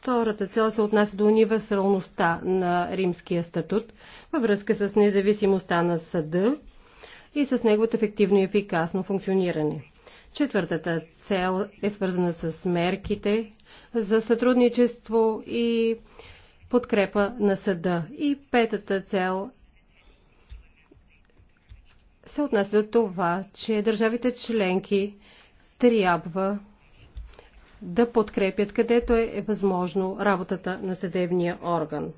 втората цел се отнася до универсалността на римския статут във връзка с независимостта на съда и с неговото ефективно и ефикасно функциониране. Четвъртата цел е свързана с мерките за сътрудничество и подкрепа на съда. И петата цел се отнася до това, че държавите членки трябва да подкрепят където е възможно работата на съдебния орган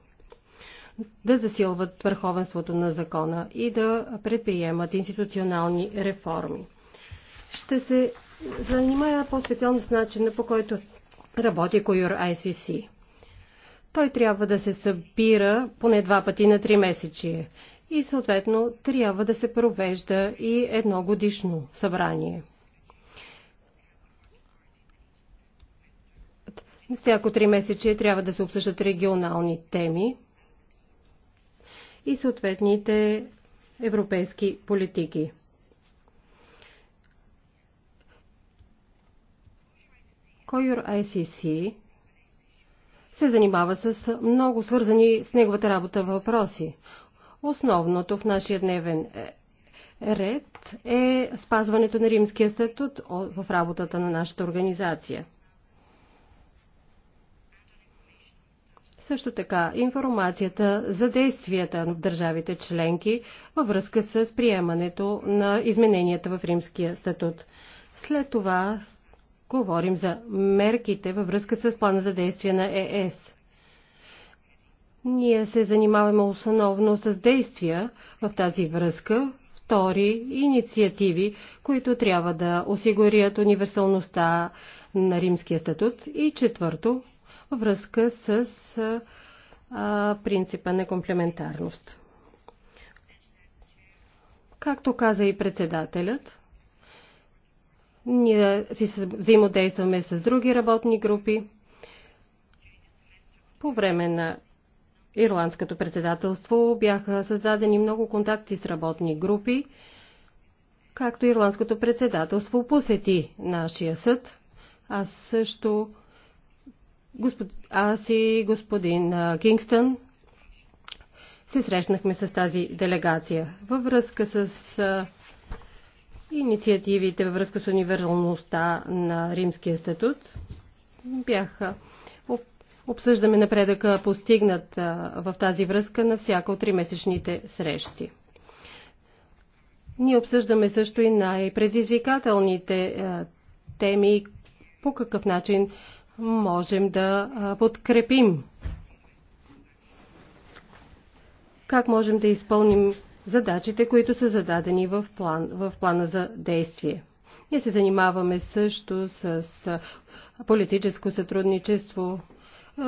да засилват върховенството на закона и да предприемат институционални реформи. Ще се занимая по-специално с начина по който работи Коюр ICC. Той трябва да се събира поне два пъти на три месечие и съответно трябва да се провежда и едно годишно събрание. Всяко три месече трябва да се обсъждат регионални теми и съответните европейски политики. Койор ICC се занимава с много свързани с неговата работа въпроси. Основното в нашия дневен е, ред е спазването на римския статут в работата на нашата организация. Също така информацията за действията в държавите членки във връзка с приемането на измененията в Римския статут. След това говорим за мерките във връзка с плана за действие на ЕС. Ние се занимаваме основно с действия в тази връзка, втори инициативи, които трябва да осигурят универсалността на Римския статут и четвърто във връзка с принципа на комплементарност. Както каза и председателят, ние си взаимодействаме с други работни групи. По време на Ирландското председателство бяха създадени много контакти с работни групи, както Ирландското председателство посети нашия съд. Аз също Господ... Аз и господин Кингстън се срещнахме с тази делегация във връзка с инициативите във връзка с универсалността на Римския статут. Бяха обсъждаме напредъка постигнат в тази връзка на всяка от тримесечните срещи. Ние обсъждаме също и най-предизвикателните теми, по какъв начин можем да подкрепим? Как можем да изпълним задачите, които са зададени в, план, в плана за действие? Ние се занимаваме също с политическо сътрудничество,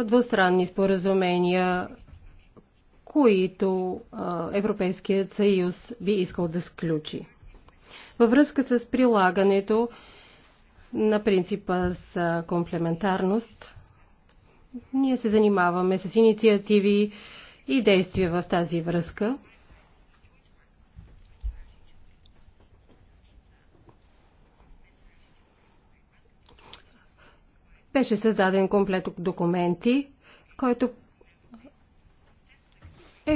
двустранни споразумения, които Европейският съюз би искал да сключи. Във връзка с прилагането на принципа за комплементарност. Ние се занимаваме с инициативи и действия в тази връзка. Беше създаден комплект от документи, който е,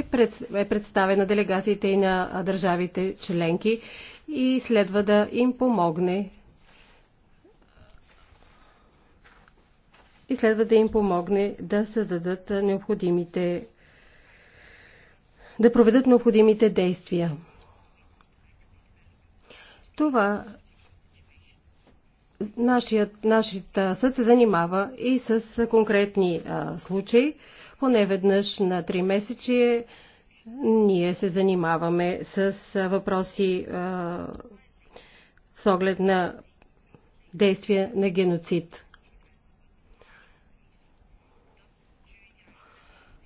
е представен на делегациите и на държавите членки и следва да им помогне и следва да им помогне да създадат необходимите да проведат необходимите действия. Това нашият, нашият съд се занимава и с конкретни а, случаи. Поне веднъж на три месечи е, ние се занимаваме с а, въпроси а, с оглед на действия на геноцид.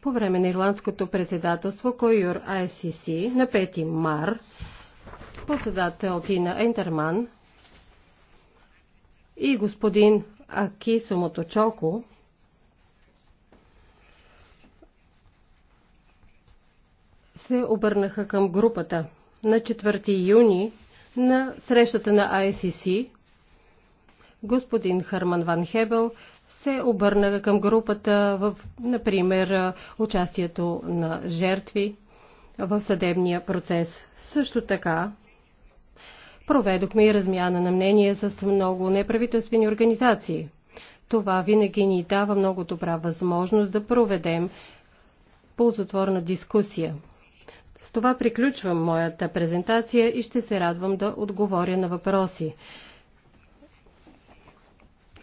по време на ирландското председателство Койор ICC на 5 мар, председател Тина Ентерман и господин Аки Сомоточоко се обърнаха към групата на 4 юни на срещата на ICC господин Харман Ван Хебел се обърна към групата в, например, участието на жертви в съдебния процес. Също така проведохме и размяна на мнение с много неправителствени организации. Това винаги ни дава много добра възможност да проведем ползотворна дискусия. С това приключвам моята презентация и ще се радвам да отговоря на въпроси.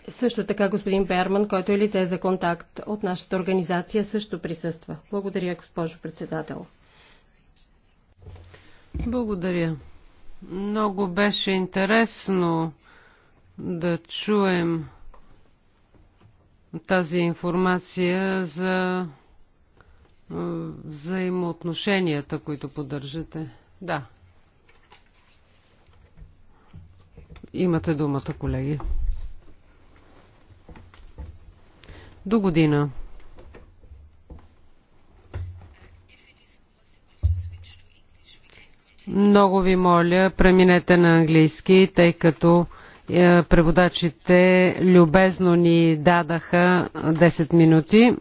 Също така господин Берман, който е лице за контакт от нашата организация, също присъства. Благодаря, госпожо председател. Благодаря. Много беше интересно да чуем тази информация за взаимоотношенията, които поддържате. Да. Имате думата, колеги. до година. Много ви моля, преминете на английски, тъй като преводачите любезно ни дадаха 10 минути.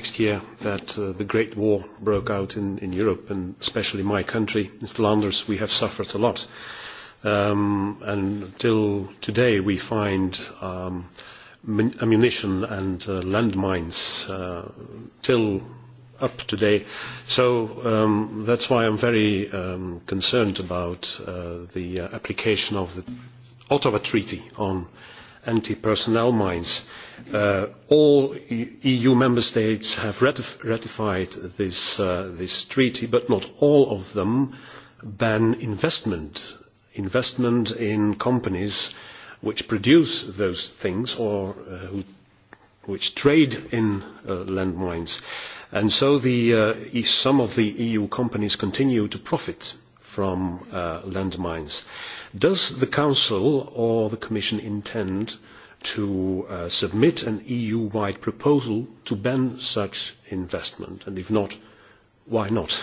Next year, that uh, the Great War broke out in, in Europe and especially my country, in Flanders, we have suffered a lot. Uh, um, and till today we find um, ammunition and uh, landmines uh, till up today. So um, that's why I'm very um, concerned about uh, the uh, application of the Ottawa Treaty on anti-personnel mines. Uh, all EU member states have ratif ratified this, uh, this treaty, but not all of them ban investment investment in companies which produce those things or uh, who, which trade in uh, landmines. And so the, uh, some of the EU companies continue to profit from uh, landmines. Does the Council or the Commission intend to uh, submit an EU-wide proposal to ban such investment? And if not, why not?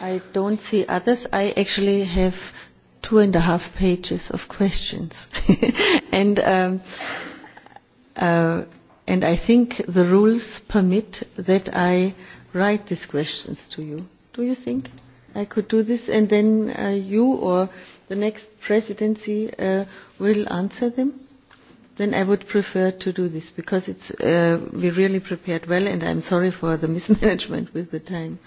I don't see others. I actually have two and a half pages of questions. and, um, uh, and I think the rules permit that I write these questions to you. Do you think I could do this? And then uh, you or the next presidency uh, will answer them? Then I would prefer to do this because it's, uh, we really prepared well and I'm sorry for the mismanagement with the time. Uh,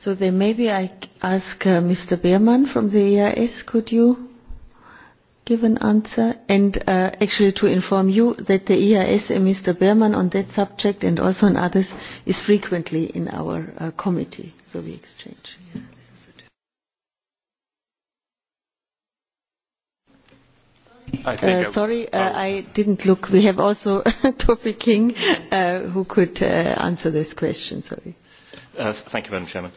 So then maybe I ask uh, Mr. Beerman from the EIS, could you give an answer? And uh, actually to inform you that the EIS and Mr. Beerman on that subject and also on others is frequently in our uh, committee, so we exchange. Yeah. I think uh, sorry, uh, I didn't look. We have also Topi King uh, who could uh, answer this question. Sorry thank you, Madam Chairman.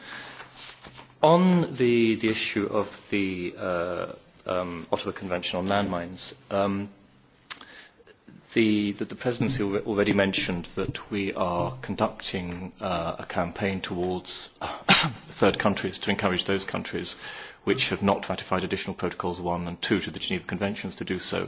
On the, the issue of the uh, um, Ottawa Convention on landmines, um, the, the, the presidency already mentioned that we are conducting uh, a campaign towards third countries to encourage those countries which have not ratified additional protocols one and two to the Geneva Conventions to do so. Uh,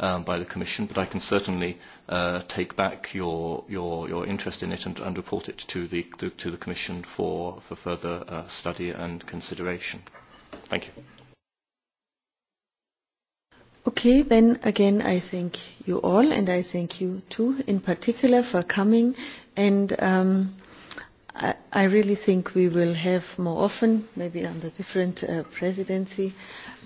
um, by the Commission, but I can certainly uh, take back your, your, your interest in it and, and report it to the, to, to the Commission for, for further uh, study and consideration. Thank you. Okay, then again, I thank you all, and I thank you too, in particular, for coming. And um, I, I really think we will have more often, maybe under different uh, presidency,